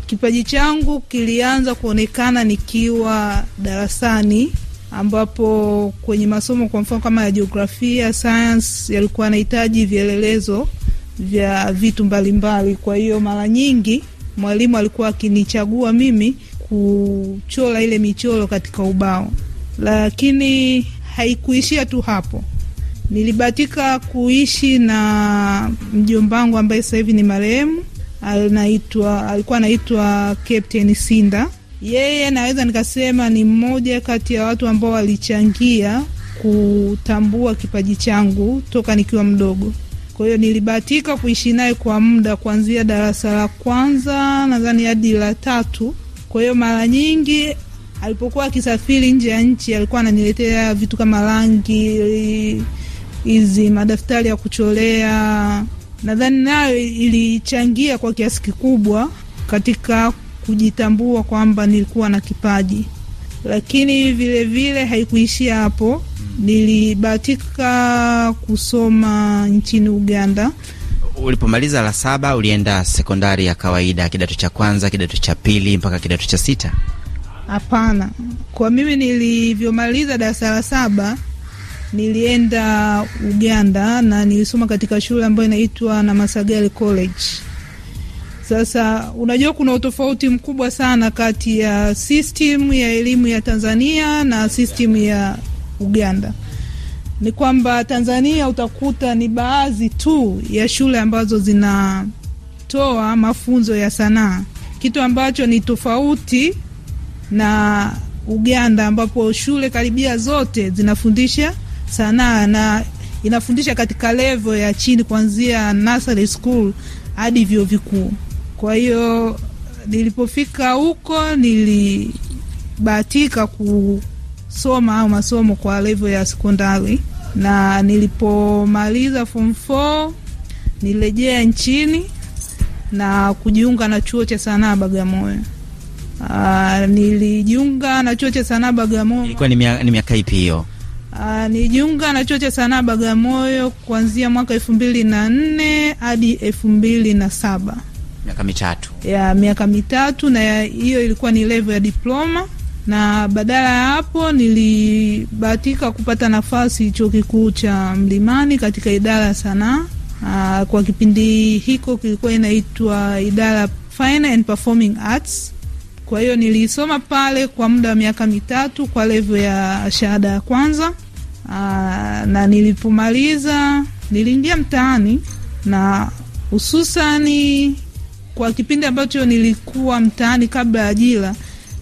kipaji changu kilianza kuonekana nikiwa darasani ambapo kwenye masomo kwa mfano kama ya jiografia, sayansi yalikuwa yanahitaji vielelezo vya vitu mbalimbali Kwa hiyo mara nyingi mwalimu alikuwa akinichagua mimi kuchora ile michoro katika ubao, lakini haikuishia tu hapo. Nilibahatika kuishi na mjombangu ambaye sasa hivi ni marehemu anaitwa alikuwa anaitwa Captain Sinda. Yeye naweza nikasema ni mmoja kati ya watu ambao walichangia kutambua kipaji changu toka nikiwa mdogo. Kwa hiyo nilibahatika kuishi naye kwa muda kuanzia darasa la kwanza nadhani hadi la tatu. Kwa hiyo mara nyingi alipokuwa akisafiri nje ya nchi alikuwa ananiletea vitu kama rangi hizi, madaftari ya kucholea nadhani nayo ilichangia kwa kiasi kikubwa katika kujitambua kwamba nilikuwa na kipaji, lakini vilevile vile haikuishia hapo. Nilibahatika kusoma nchini Uganda. Ulipomaliza la saba ulienda sekondari ya kawaida, kidato cha kwanza, kidato cha pili mpaka kidato cha sita? Hapana, kwa mimi nilivyomaliza darasa la saba nilienda Uganda na nilisoma katika shule ambayo inaitwa Namasagali College. Sasa unajua kuna utofauti mkubwa sana kati ya system ya elimu ya Tanzania na system ya Uganda. Ni kwamba Tanzania utakuta ni baadhi tu ya shule ambazo zinatoa mafunzo ya sanaa, kitu ambacho ni tofauti na Uganda ambapo shule karibia zote zinafundisha sanaa na inafundisha katika levo ya chini kuanzia nursery school hadi vyuo vikuu. Kwa hiyo nilipofika huko nilibahatika kusoma au masomo kwa levo ya sekondari, na nilipomaliza form 4 nilirejea nchini na kujiunga na chuo cha sanaa Bagamoyo. Aa, ah, nilijiunga na chuo cha sanaa Bagamoyo. Ilikuwa ni miaka ipi hiyo? Ah, nijiunga na chuo cha sanaa Bagamoyo kuanzia mwaka elfu mbili na nne hadi elfu mbili na saba miaka mitatu ya miaka mitatu, na hiyo ilikuwa ni level ya diploma, na badala ya hapo nilibahatika kupata nafasi chuo kikuu cha Mlimani katika idara ya sanaa. Ah, kwa kipindi hiko kilikuwa inaitwa idara Fine and Performing Arts. Kwa hiyo nilisoma pale kwa muda wa miaka mitatu kwa levo ya shahada ya kwanza na nilipomaliza niliingia mtaani, na hususani kwa kipindi ambacho nilikuwa mtaani kabla ya ajira,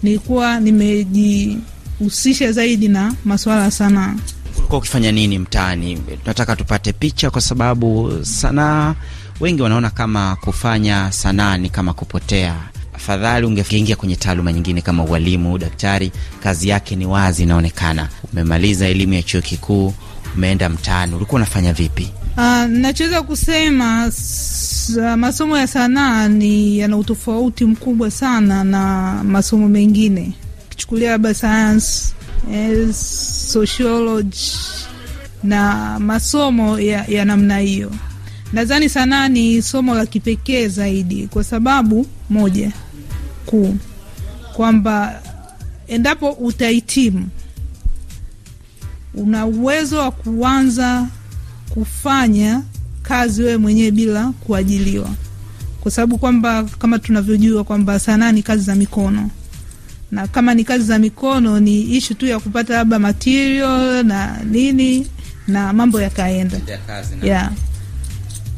nilikuwa nimejihusisha zaidi na masuala sana. Ulikuwa ukifanya nini mtaani? Tunataka tupate picha, kwa sababu sanaa wengi wanaona kama kufanya sanaa ni kama kupotea afadhali ungeingia kwenye taaluma nyingine kama ualimu, daktari. Kazi yake ni wazi, inaonekana. Umemaliza elimu ya chuo kikuu, umeenda mtaani, ulikuwa unafanya vipi? Uh, nachoweza kusema masomo ya sanaa ni yana utofauti mkubwa sana na masomo mengine, kichukulia labda sayansi, sociology na masomo ya, ya namna hiyo. Nadhani sanaa ni somo la kipekee zaidi kwa sababu moja mkuu kwamba endapo utahitimu, una uwezo wa kuanza kufanya kazi wewe mwenyewe bila kuajiliwa, kwa sababu kwamba kama tunavyojua kwamba sanaa ni kazi za mikono, na kama ni kazi za mikono ni ishu tu ya kupata labda material na nini na mambo yakaenda ya.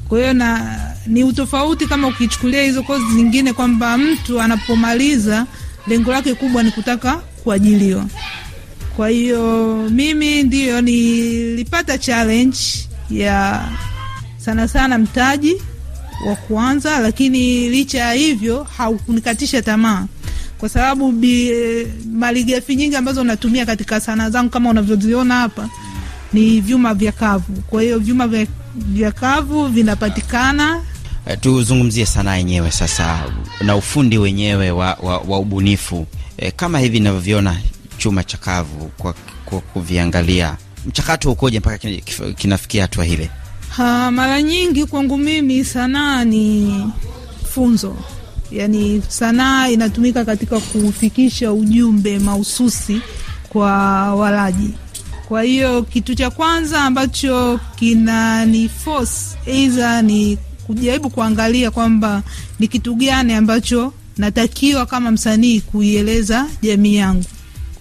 Kwa hiyo na ni utofauti kama ukichukulia hizo kozi zingine, kwamba mtu anapomaliza lengo lake kubwa ni kutaka kuajiliwa. Kwa hiyo mimi ndiyo nilipata challenge ya sana sana mtaji wa kuanza, lakini licha ya hivyo haukunikatisha tamaa, kwa sababu malighafi nyingi ambazo natumia katika sanaa zangu kama unavyoziona hapa ni vyuma vya kavu. Kwa hiyo vyuma vya kavu vinapatikana Eh, tuzungumzie sanaa yenyewe sasa na ufundi wenyewe wa, wa, wa ubunifu e, kama hivi inavyoviona chuma chakavu kwa, kwa kuviangalia, mchakato ukoje mpaka kinafikia hatua hile Ha, mara nyingi kwangu mimi sanaa ni funzo, yani sanaa inatumika katika kufikisha ujumbe mahususi kwa walaji. Kwa hiyo kitu cha kwanza ambacho kinani force aidha ni kujaribu kuangalia kwamba ni kitu gani ambacho natakiwa kama msanii kuieleza jamii yangu.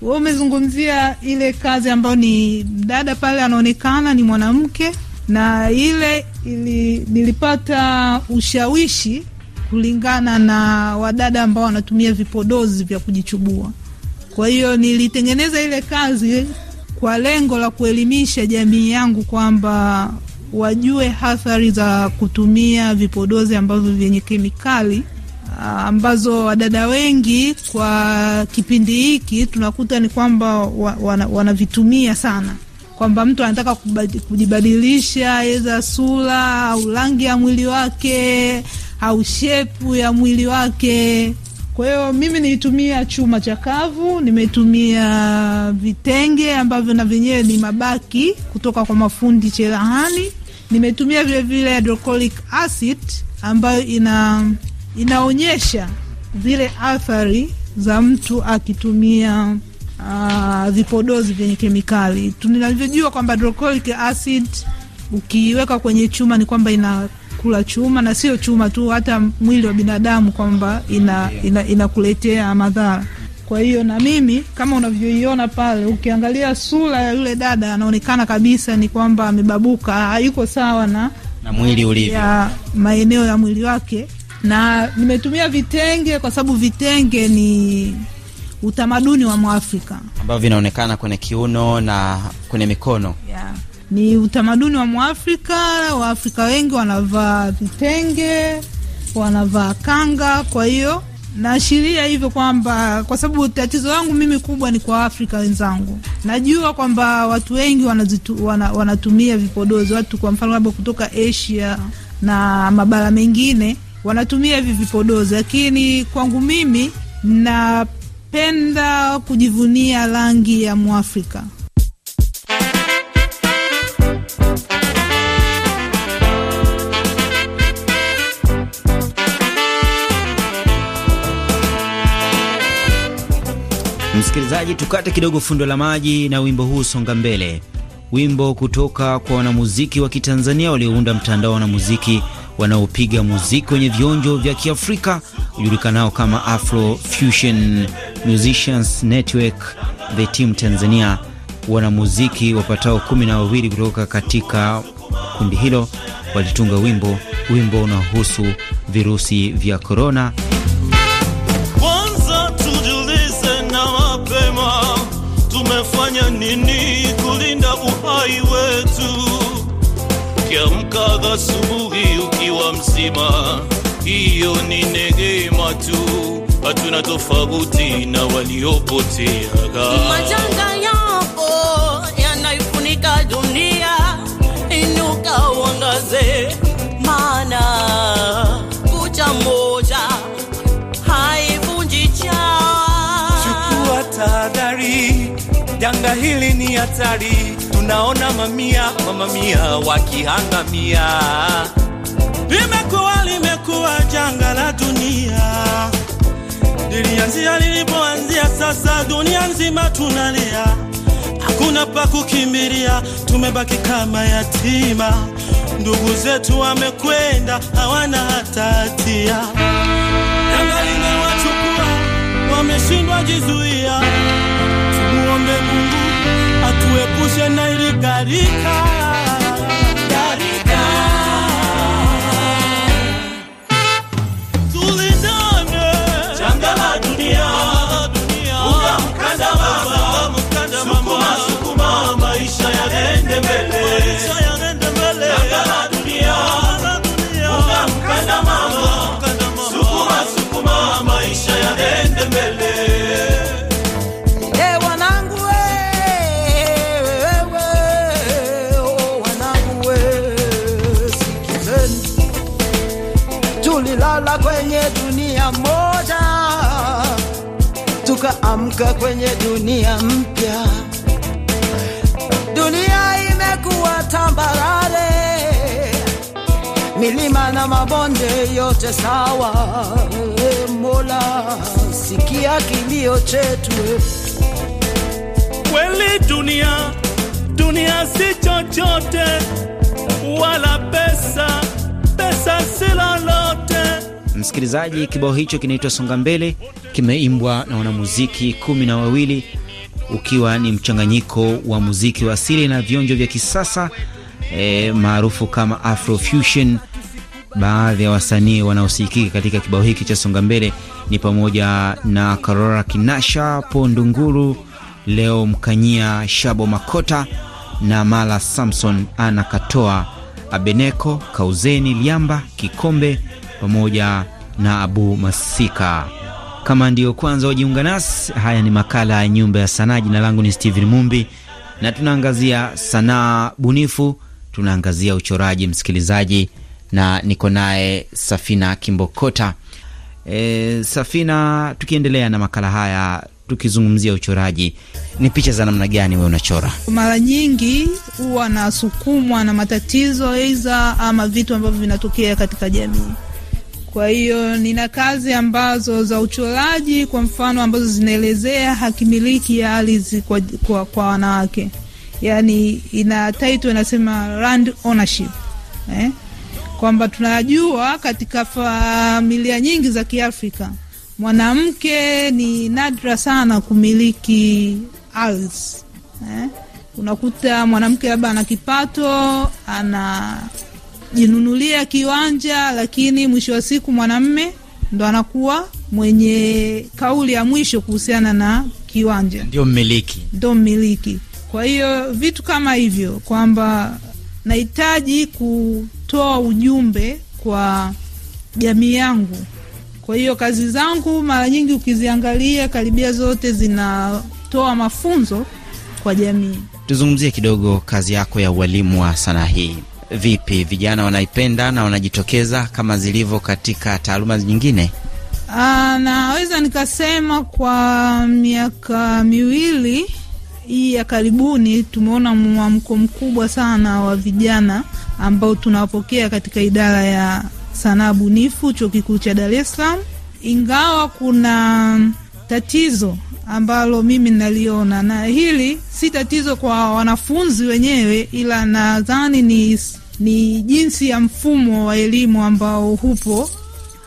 Wewe umezungumzia ile kazi ambayo ni dada pale anaonekana ni mwanamke, na ile ili, nilipata ushawishi kulingana na wadada ambao wanatumia vipodozi vya kujichubua. Kwa hiyo nilitengeneza ile kazi kwa lengo la kuelimisha jamii yangu kwamba wajue hathari za kutumia vipodozi ambavyo vyenye kemikali ah, ambazo wadada wengi kwa kipindi hiki tunakuta ni kwamba wanavitumia wana sana, kwamba mtu anataka kujibadilisha eza sura au rangi ya mwili wake au shepu ya mwili wake. Kwa hiyo mimi nilitumia chuma chakavu, nimetumia vitenge ambavyo na vyenyewe ni mabaki kutoka kwa mafundi cherehani Nimetumia vilevile hydrochloric acid ambayo ina inaonyesha zile athari za mtu akitumia uh, vipodozi vyenye kemikali. Tunavyojua kwamba hydrochloric acid ukiweka kwenye chuma ni kwamba inakula chuma na sio chuma tu, hata mwili wa binadamu kwamba inakuletea ina, ina madhara kwa hiyo na mimi kama unavyoiona pale, ukiangalia sura ya yule dada anaonekana kabisa ni kwamba amebabuka, hayuko sawa na na mwili ulivyo, maeneo ya mwili wake. Na nimetumia vitenge kwa sababu vitenge ni utamaduni wa Mwafrika ambavyo vinaonekana kwenye kiuno na kwenye mikono yeah. Ni utamaduni wa Mwafrika. Waafrika wengi wanavaa vitenge, wanavaa kanga, kwa hiyo naashiria hivyo kwamba kwa sababu tatizo langu mimi kubwa ni kwa Afrika wenzangu. Najua kwamba watu wengi wanazitu, wana, wanatumia vipodozi. Watu kwa mfano labda kutoka Asia na mabara mengine wanatumia hivi vipodozi, lakini kwangu mimi napenda kujivunia rangi ya Mwafrika. Msikilizaji, tukate kidogo fundo la maji na wimbo huu songa mbele, wimbo kutoka kwa wanamuziki wa Kitanzania waliounda mtandao wa wanamuziki wanaopiga muziki wenye vionjo vya Kiafrika ujulikanao kama Afro Fusion Musicians Network, the team Tanzania. Wanamuziki wapatao kumi na wawili kutoka katika kundi hilo walitunga wimbo, wimbo unaohusu virusi vya korona. nini kulinda uhai wetu ukiamka asubuhi ukiwa mzima hiyo ni neema tu hatuna tofauti na waliopotea majanga ya janga hili ni hatari, tunaona mamia mamamia wakihangamia. Limekuwa limekuwa janga la dunia, lilianzia lilipoanzia, sasa dunia nzima tunalia, hakuna pa kukimbilia, tumebaki kama yatima. Ndugu zetu wamekwenda, hawana hata hatia, janga linawachukua, wameshindwa jizuia 离开。tulilala kwenye dunia moja, tukaamka kwenye dunia mpya. Dunia imekuwa tambarare, milima na mabonde yote sawa. Mola, sikia kilio chetu. Kweli dunia, dunia si chochote wala pesa, pesa si lolote. Msikilizaji, kibao hicho kinaitwa Songa Mbele, kimeimbwa na wanamuziki kumi na wawili ukiwa ni mchanganyiko wa muziki wa asili na vionjo vya kisasa e, maarufu kama Afrofusion. Baadhi ya wasanii wanaosikika katika kibao hiki cha Songa Mbele ni pamoja na Karora Kinasha, pondunguru Leo Mkanyia, Shabo Makota na Mala Samson, Ana Katoa, Abeneko, Kauzeni Liamba, Kikombe pamoja na Abu Masika. Kama ndiyo kwanza wajiunga nasi, haya ni makala ya Nyumba ya Sanaa. Jina langu ni Steven Mumbi na tunaangazia sanaa bunifu, tunaangazia uchoraji, msikilizaji, na niko naye Safina Kimbokota. E, Safina, tukiendelea na makala haya tukizungumzia uchoraji, ni picha za namna gani wewe unachora? Mara nyingi huwa nasukumwa na matatizo aidha ama vitu ambavyo vinatokea katika jamii kwa hiyo nina kazi ambazo za uchoraji kwa mfano ambazo zinaelezea hakimiliki ya ardhi kwa, kwa, kwa wanawake, yaani ina title inasema land ownership eh? kwamba tunajua katika familia nyingi za Kiafrika mwanamke ni nadra sana kumiliki ardhi eh? Unakuta mwanamke labda ana kipato ana kujinunulia kiwanja, lakini mwisho wa siku mwanamme ndo anakuwa mwenye kauli ya mwisho kuhusiana na kiwanja, ndio mmiliki, ndio mmiliki. Kwa hiyo vitu kama hivyo kwamba nahitaji kutoa ujumbe kwa jamii yangu. Kwa hiyo kazi zangu mara nyingi ukiziangalia, karibia zote zinatoa mafunzo kwa jamii. Tuzungumzie kidogo kazi yako ya ualimu wa sanaa hii vipi? Vijana wanaipenda na wanajitokeza kama zilivyo katika taaluma nyingine? Ah, naweza nikasema kwa miaka miwili hii ya karibuni tumeona mwamko mkubwa sana wa vijana ambao tunawapokea katika idara ya sanaa bunifu Chuo Kikuu cha Dar es Salaam, ingawa kuna tatizo ambalo mimi naliona, na hili si tatizo kwa wanafunzi wenyewe, ila nadhani ni ni jinsi ya mfumo wa elimu ambao hupo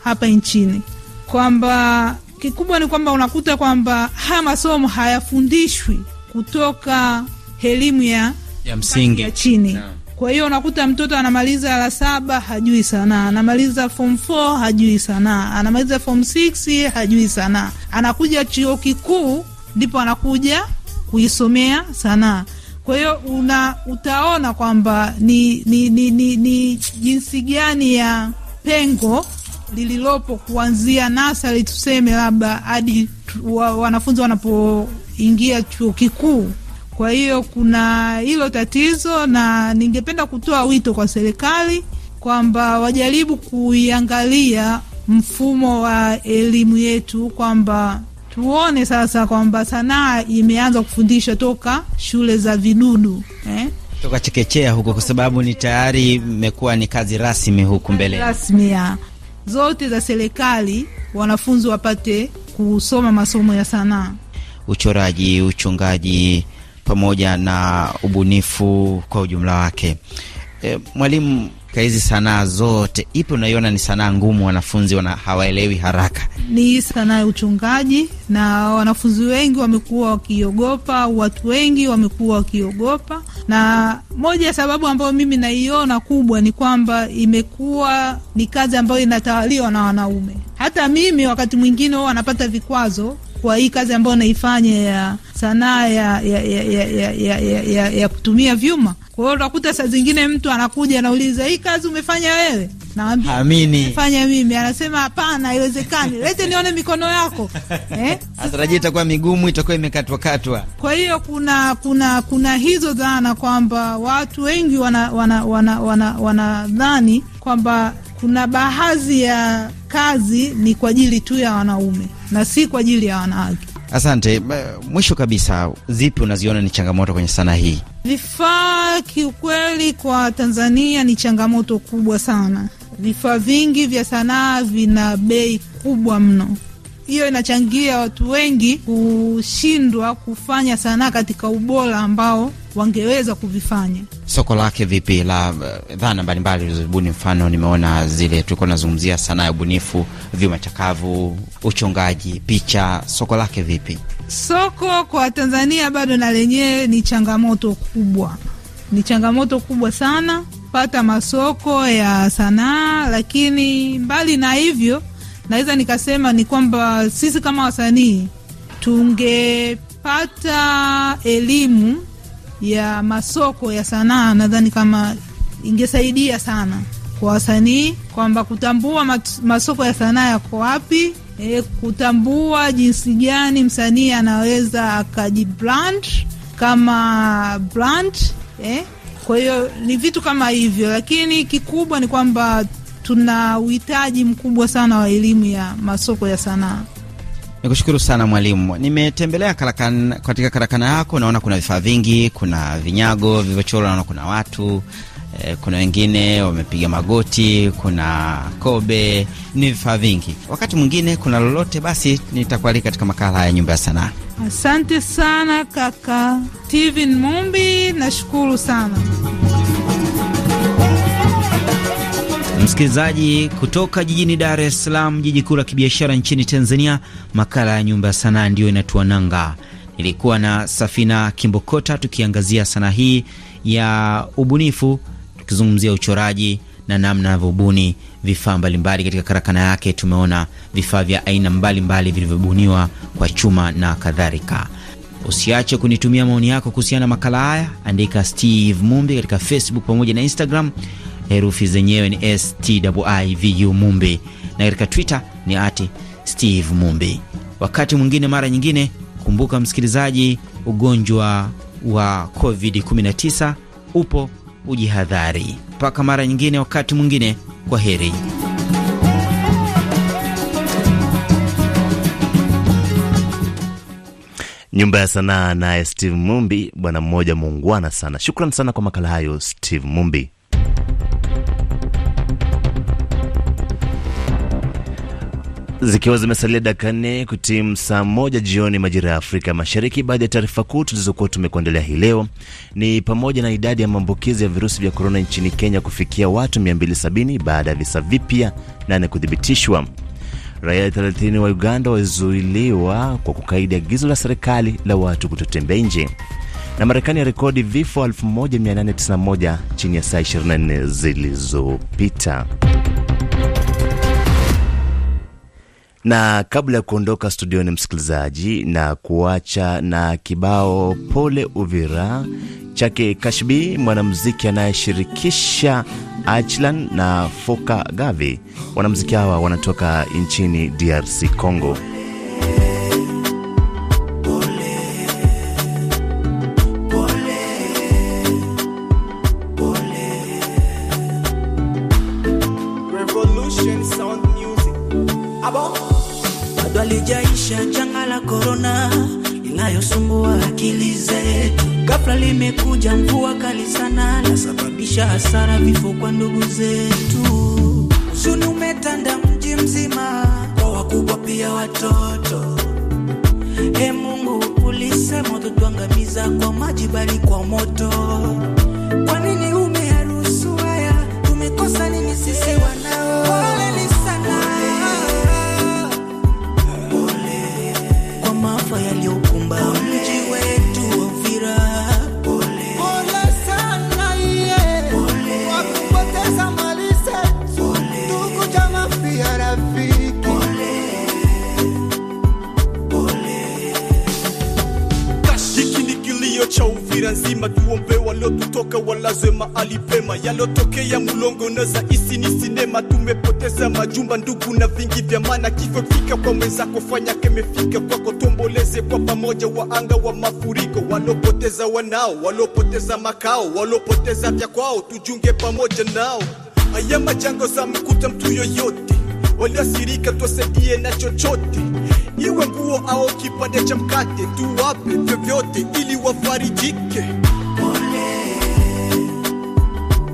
hapa nchini, kwamba kikubwa ni kwamba unakuta kwamba haya masomo hayafundishwi kutoka elimu ya, ya msingi ya chini no. Kwa hiyo unakuta mtoto anamaliza la saba hajui sanaa, anamaliza form 4 hajui sanaa, anamaliza form 6 hajui sanaa, anakuja chuo kikuu ndipo anakuja kuisomea sanaa. Kwa hiyo una utaona kwamba ni, ni, ni, ni, ni jinsi gani ya pengo lililopo kuanzia nasari tuseme labda hadi wa, wanafunzi wanapoingia chuo kikuu. Kwa hiyo kuna hilo tatizo, na ningependa kutoa wito kwa serikali kwamba wajaribu kuiangalia mfumo wa elimu yetu kwamba tuone sasa kwamba sanaa imeanza kufundishwa toka shule za vidudu eh? toka chekechea huko, kwa sababu ni tayari imekuwa ni kazi rasmi huku mbele rasmi ya zote za serikali, wanafunzi wapate kusoma masomo ya sanaa, uchoraji, uchungaji pamoja na ubunifu kwa ujumla wake. E, mwalimu katika hizi sanaa zote, ipi unaiona ni sanaa ngumu, wanafunzi wana hawaelewi haraka? Ni sanaa ya uchungaji na wanafunzi wengi wamekuwa wakiogopa, watu wengi wamekuwa wakiogopa. Na moja ya sababu ambayo mimi naiona kubwa ni kwamba imekuwa ni kazi ambayo inatawaliwa na wanaume. Hata mimi wakati mwingine wao wanapata vikwazo kwa hii kazi ambayo naifanya ya sanaa ya, ya, ya, ya, ya, ya, ya, ya, ya kutumia vyuma. Kwa hiyo utakuta saa zingine mtu anakuja anauliza, hii kazi umefanya wewe? Naambia amini, fanya mimi. Anasema hapana, haiwezekani, lete nione mikono yako [laughs] eh? Atarajia itakuwa migumu, itakuwa imekatwakatwa Kwa hiyo kuna kuna kuna hizo dhana kwamba watu wengi wanadhani wana, wana, wana, wana kwamba kuna baadhi ya kazi ni kwa ajili tu ya wanaume na si kwa ajili ya wanawake. Asante. Mwisho kabisa, zipi unaziona ni changamoto kwenye sanaa hii? Vifaa kiukweli, kwa Tanzania ni changamoto kubwa sana. Vifaa vingi vya sanaa vina bei kubwa mno. Hiyo inachangia watu wengi kushindwa kufanya sanaa katika ubora ambao wangeweza kuvifanya. Soko lake vipi la eh, dhana mbalimbali ulizobuni? Mfano, nimeona zile tulikuwa tunazungumzia sanaa ya ubunifu, vyuma chakavu, uchongaji, picha. Soko lake vipi? Soko kwa Tanzania bado na lenyewe ni changamoto kubwa, ni changamoto kubwa sana pata masoko ya sanaa, lakini mbali na hivyo, naweza nikasema ni kwamba sisi kama wasanii tungepata elimu ya masoko ya sanaa, nadhani kama ingesaidia sana kwa wasanii kwamba kutambua masoko ya sanaa yako wapi, e, kutambua jinsi gani msanii anaweza brand kama brand e. Kwa hiyo ni vitu kama hivyo, lakini kikubwa ni kwamba tuna uhitaji mkubwa sana wa elimu ya masoko ya sanaa. Nikushukuru sana mwalimu. Nimetembelea katika karakana yako naona kuna vifaa vingi, kuna vinyago vilivyochorwa, naona kuna watu eh, kuna wengine wamepiga magoti, kuna kobe, ni vifaa vingi. Wakati mwingine kuna lolote, basi nitakualika katika makala ya Nyumba ya Sanaa. Asante sana kaka Steven Mumbi, nashukuru sana. Msikilizaji kutoka jijini Dar es Salaam, jiji kuu la kibiashara nchini Tanzania. Makala ya Nyumba ya Sanaa ndiyo inatuananga. Nilikuwa na Safina Kimbokota tukiangazia sanaa hii ya ubunifu, tukizungumzia uchoraji na namna anavyobuni vifaa mbalimbali katika karakana yake. Tumeona vifaa vya aina mbalimbali vilivyobuniwa kwa chuma na kadhalika. Usiache kunitumia maoni yako kuhusiana na makala haya, andika Steve Mumbi katika Facebook pamoja na Instagram herufi zenyewe ni Stivu Mumbi, na katika Twitter ni ati Steve Mumbi. Wakati mwingine, mara nyingine, kumbuka msikilizaji, ugonjwa wa COVID-19 upo, ujihadhari. Mpaka mara nyingine, wakati mwingine, kwa heri. Nyumba ya sanaa naye Steve Mumbi, bwana mmoja muungwana sana. Shukran sana kwa makala hayo, Steve Mumbi. Zikiwa zimesalia dakika nne kutimu saa moja jioni majira ya Afrika Mashariki, baadhi ya taarifa kuu tulizokuwa tumekuandalia hii leo ni pamoja na idadi ya maambukizi ya virusi vya korona nchini Kenya kufikia watu 270 baada ya visa vipya nane kuthibitishwa. Raia 30 wa Uganda wazuiliwa kwa kukaidi agizo la serikali la watu kutotembea nje, na Marekani ya rekodi vifo 1891 chini ya saa 24 zilizopita. Na kabla ya kuondoka studioni, msikilizaji, na kuacha na kibao pole Uvira chake Kashbi, mwanamziki anayeshirikisha Achlan na Foka Gavi. wanamziki hawa wanatoka nchini DRC Congo. yanayosumbua akili zetu. Ghafla limekuja mvua kali sana, nasababisha hasara, vifo kwa ndugu zetu. Huzuni umetanda mji mzima, kwa wakubwa pia watoto. E Mungu, ulisema utatuangamiza kwa maji, bali kwa moto. Kwa nini umeharusu haya? Tumekosa nini sisi wanao mema, tuombe waliotutoka alipema mahali pema. Yalotokea Mulongo neza isi ni sinema, tumepoteza majumba, ndugu na vingi vya maana. Kifo fika kwa mwenzako, fanya kemefika kwako, tuomboleze kwa pamoja waanga wa mafuriko, walopoteza wanao, walopoteza makao, walopoteza vya kwao, tujunge pamoja nao. Haya majango za mkuta mtu yoyote, waliasirika tuwasaidie na chochote iwe nguo au kipande cha mkate, tuwape vyovyote ili wafarijike. Pole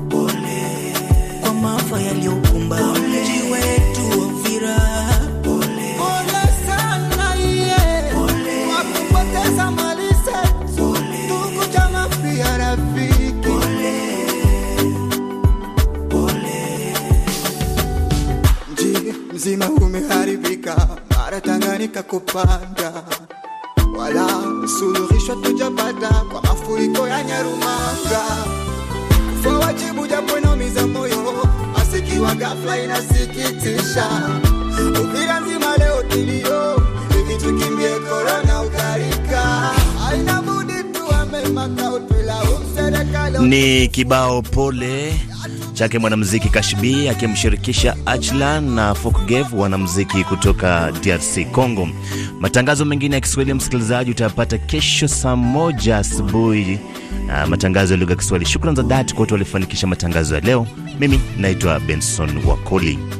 pole kwa maafa yaliyokumba mji wetu wa Uvira. Pole pole sana ye kwa kupoteza mali zetu, ndugu jamaa pia rafiki. Pole pole, mji mzima umeharibika ya Tanganyika kupanda, wala suluhisho tujapata kwa mafuriko ya Nyarumanga. Kufa wajibu japo inaumiza moyo, asikiwa ghafla inasikitisha. Uvira nzima leo kilio, hivi tukimbie korona ugarika aina mudi tu makao tulaumu serikali. Ni kibao pole chake mwanamuziki Kashbi akimshirikisha Achlan na Fokgev, wanamuziki kutoka DRC Congo. Matangazo mengine ya Kiswahili, msikilizaji, utayapata kesho saa moja asubuhi na ah, matangazo ya lugha ya Kiswahili. Shukrani za dhati kwa watu walifanikisha matangazo ya leo. Mimi naitwa Benson Wakoli.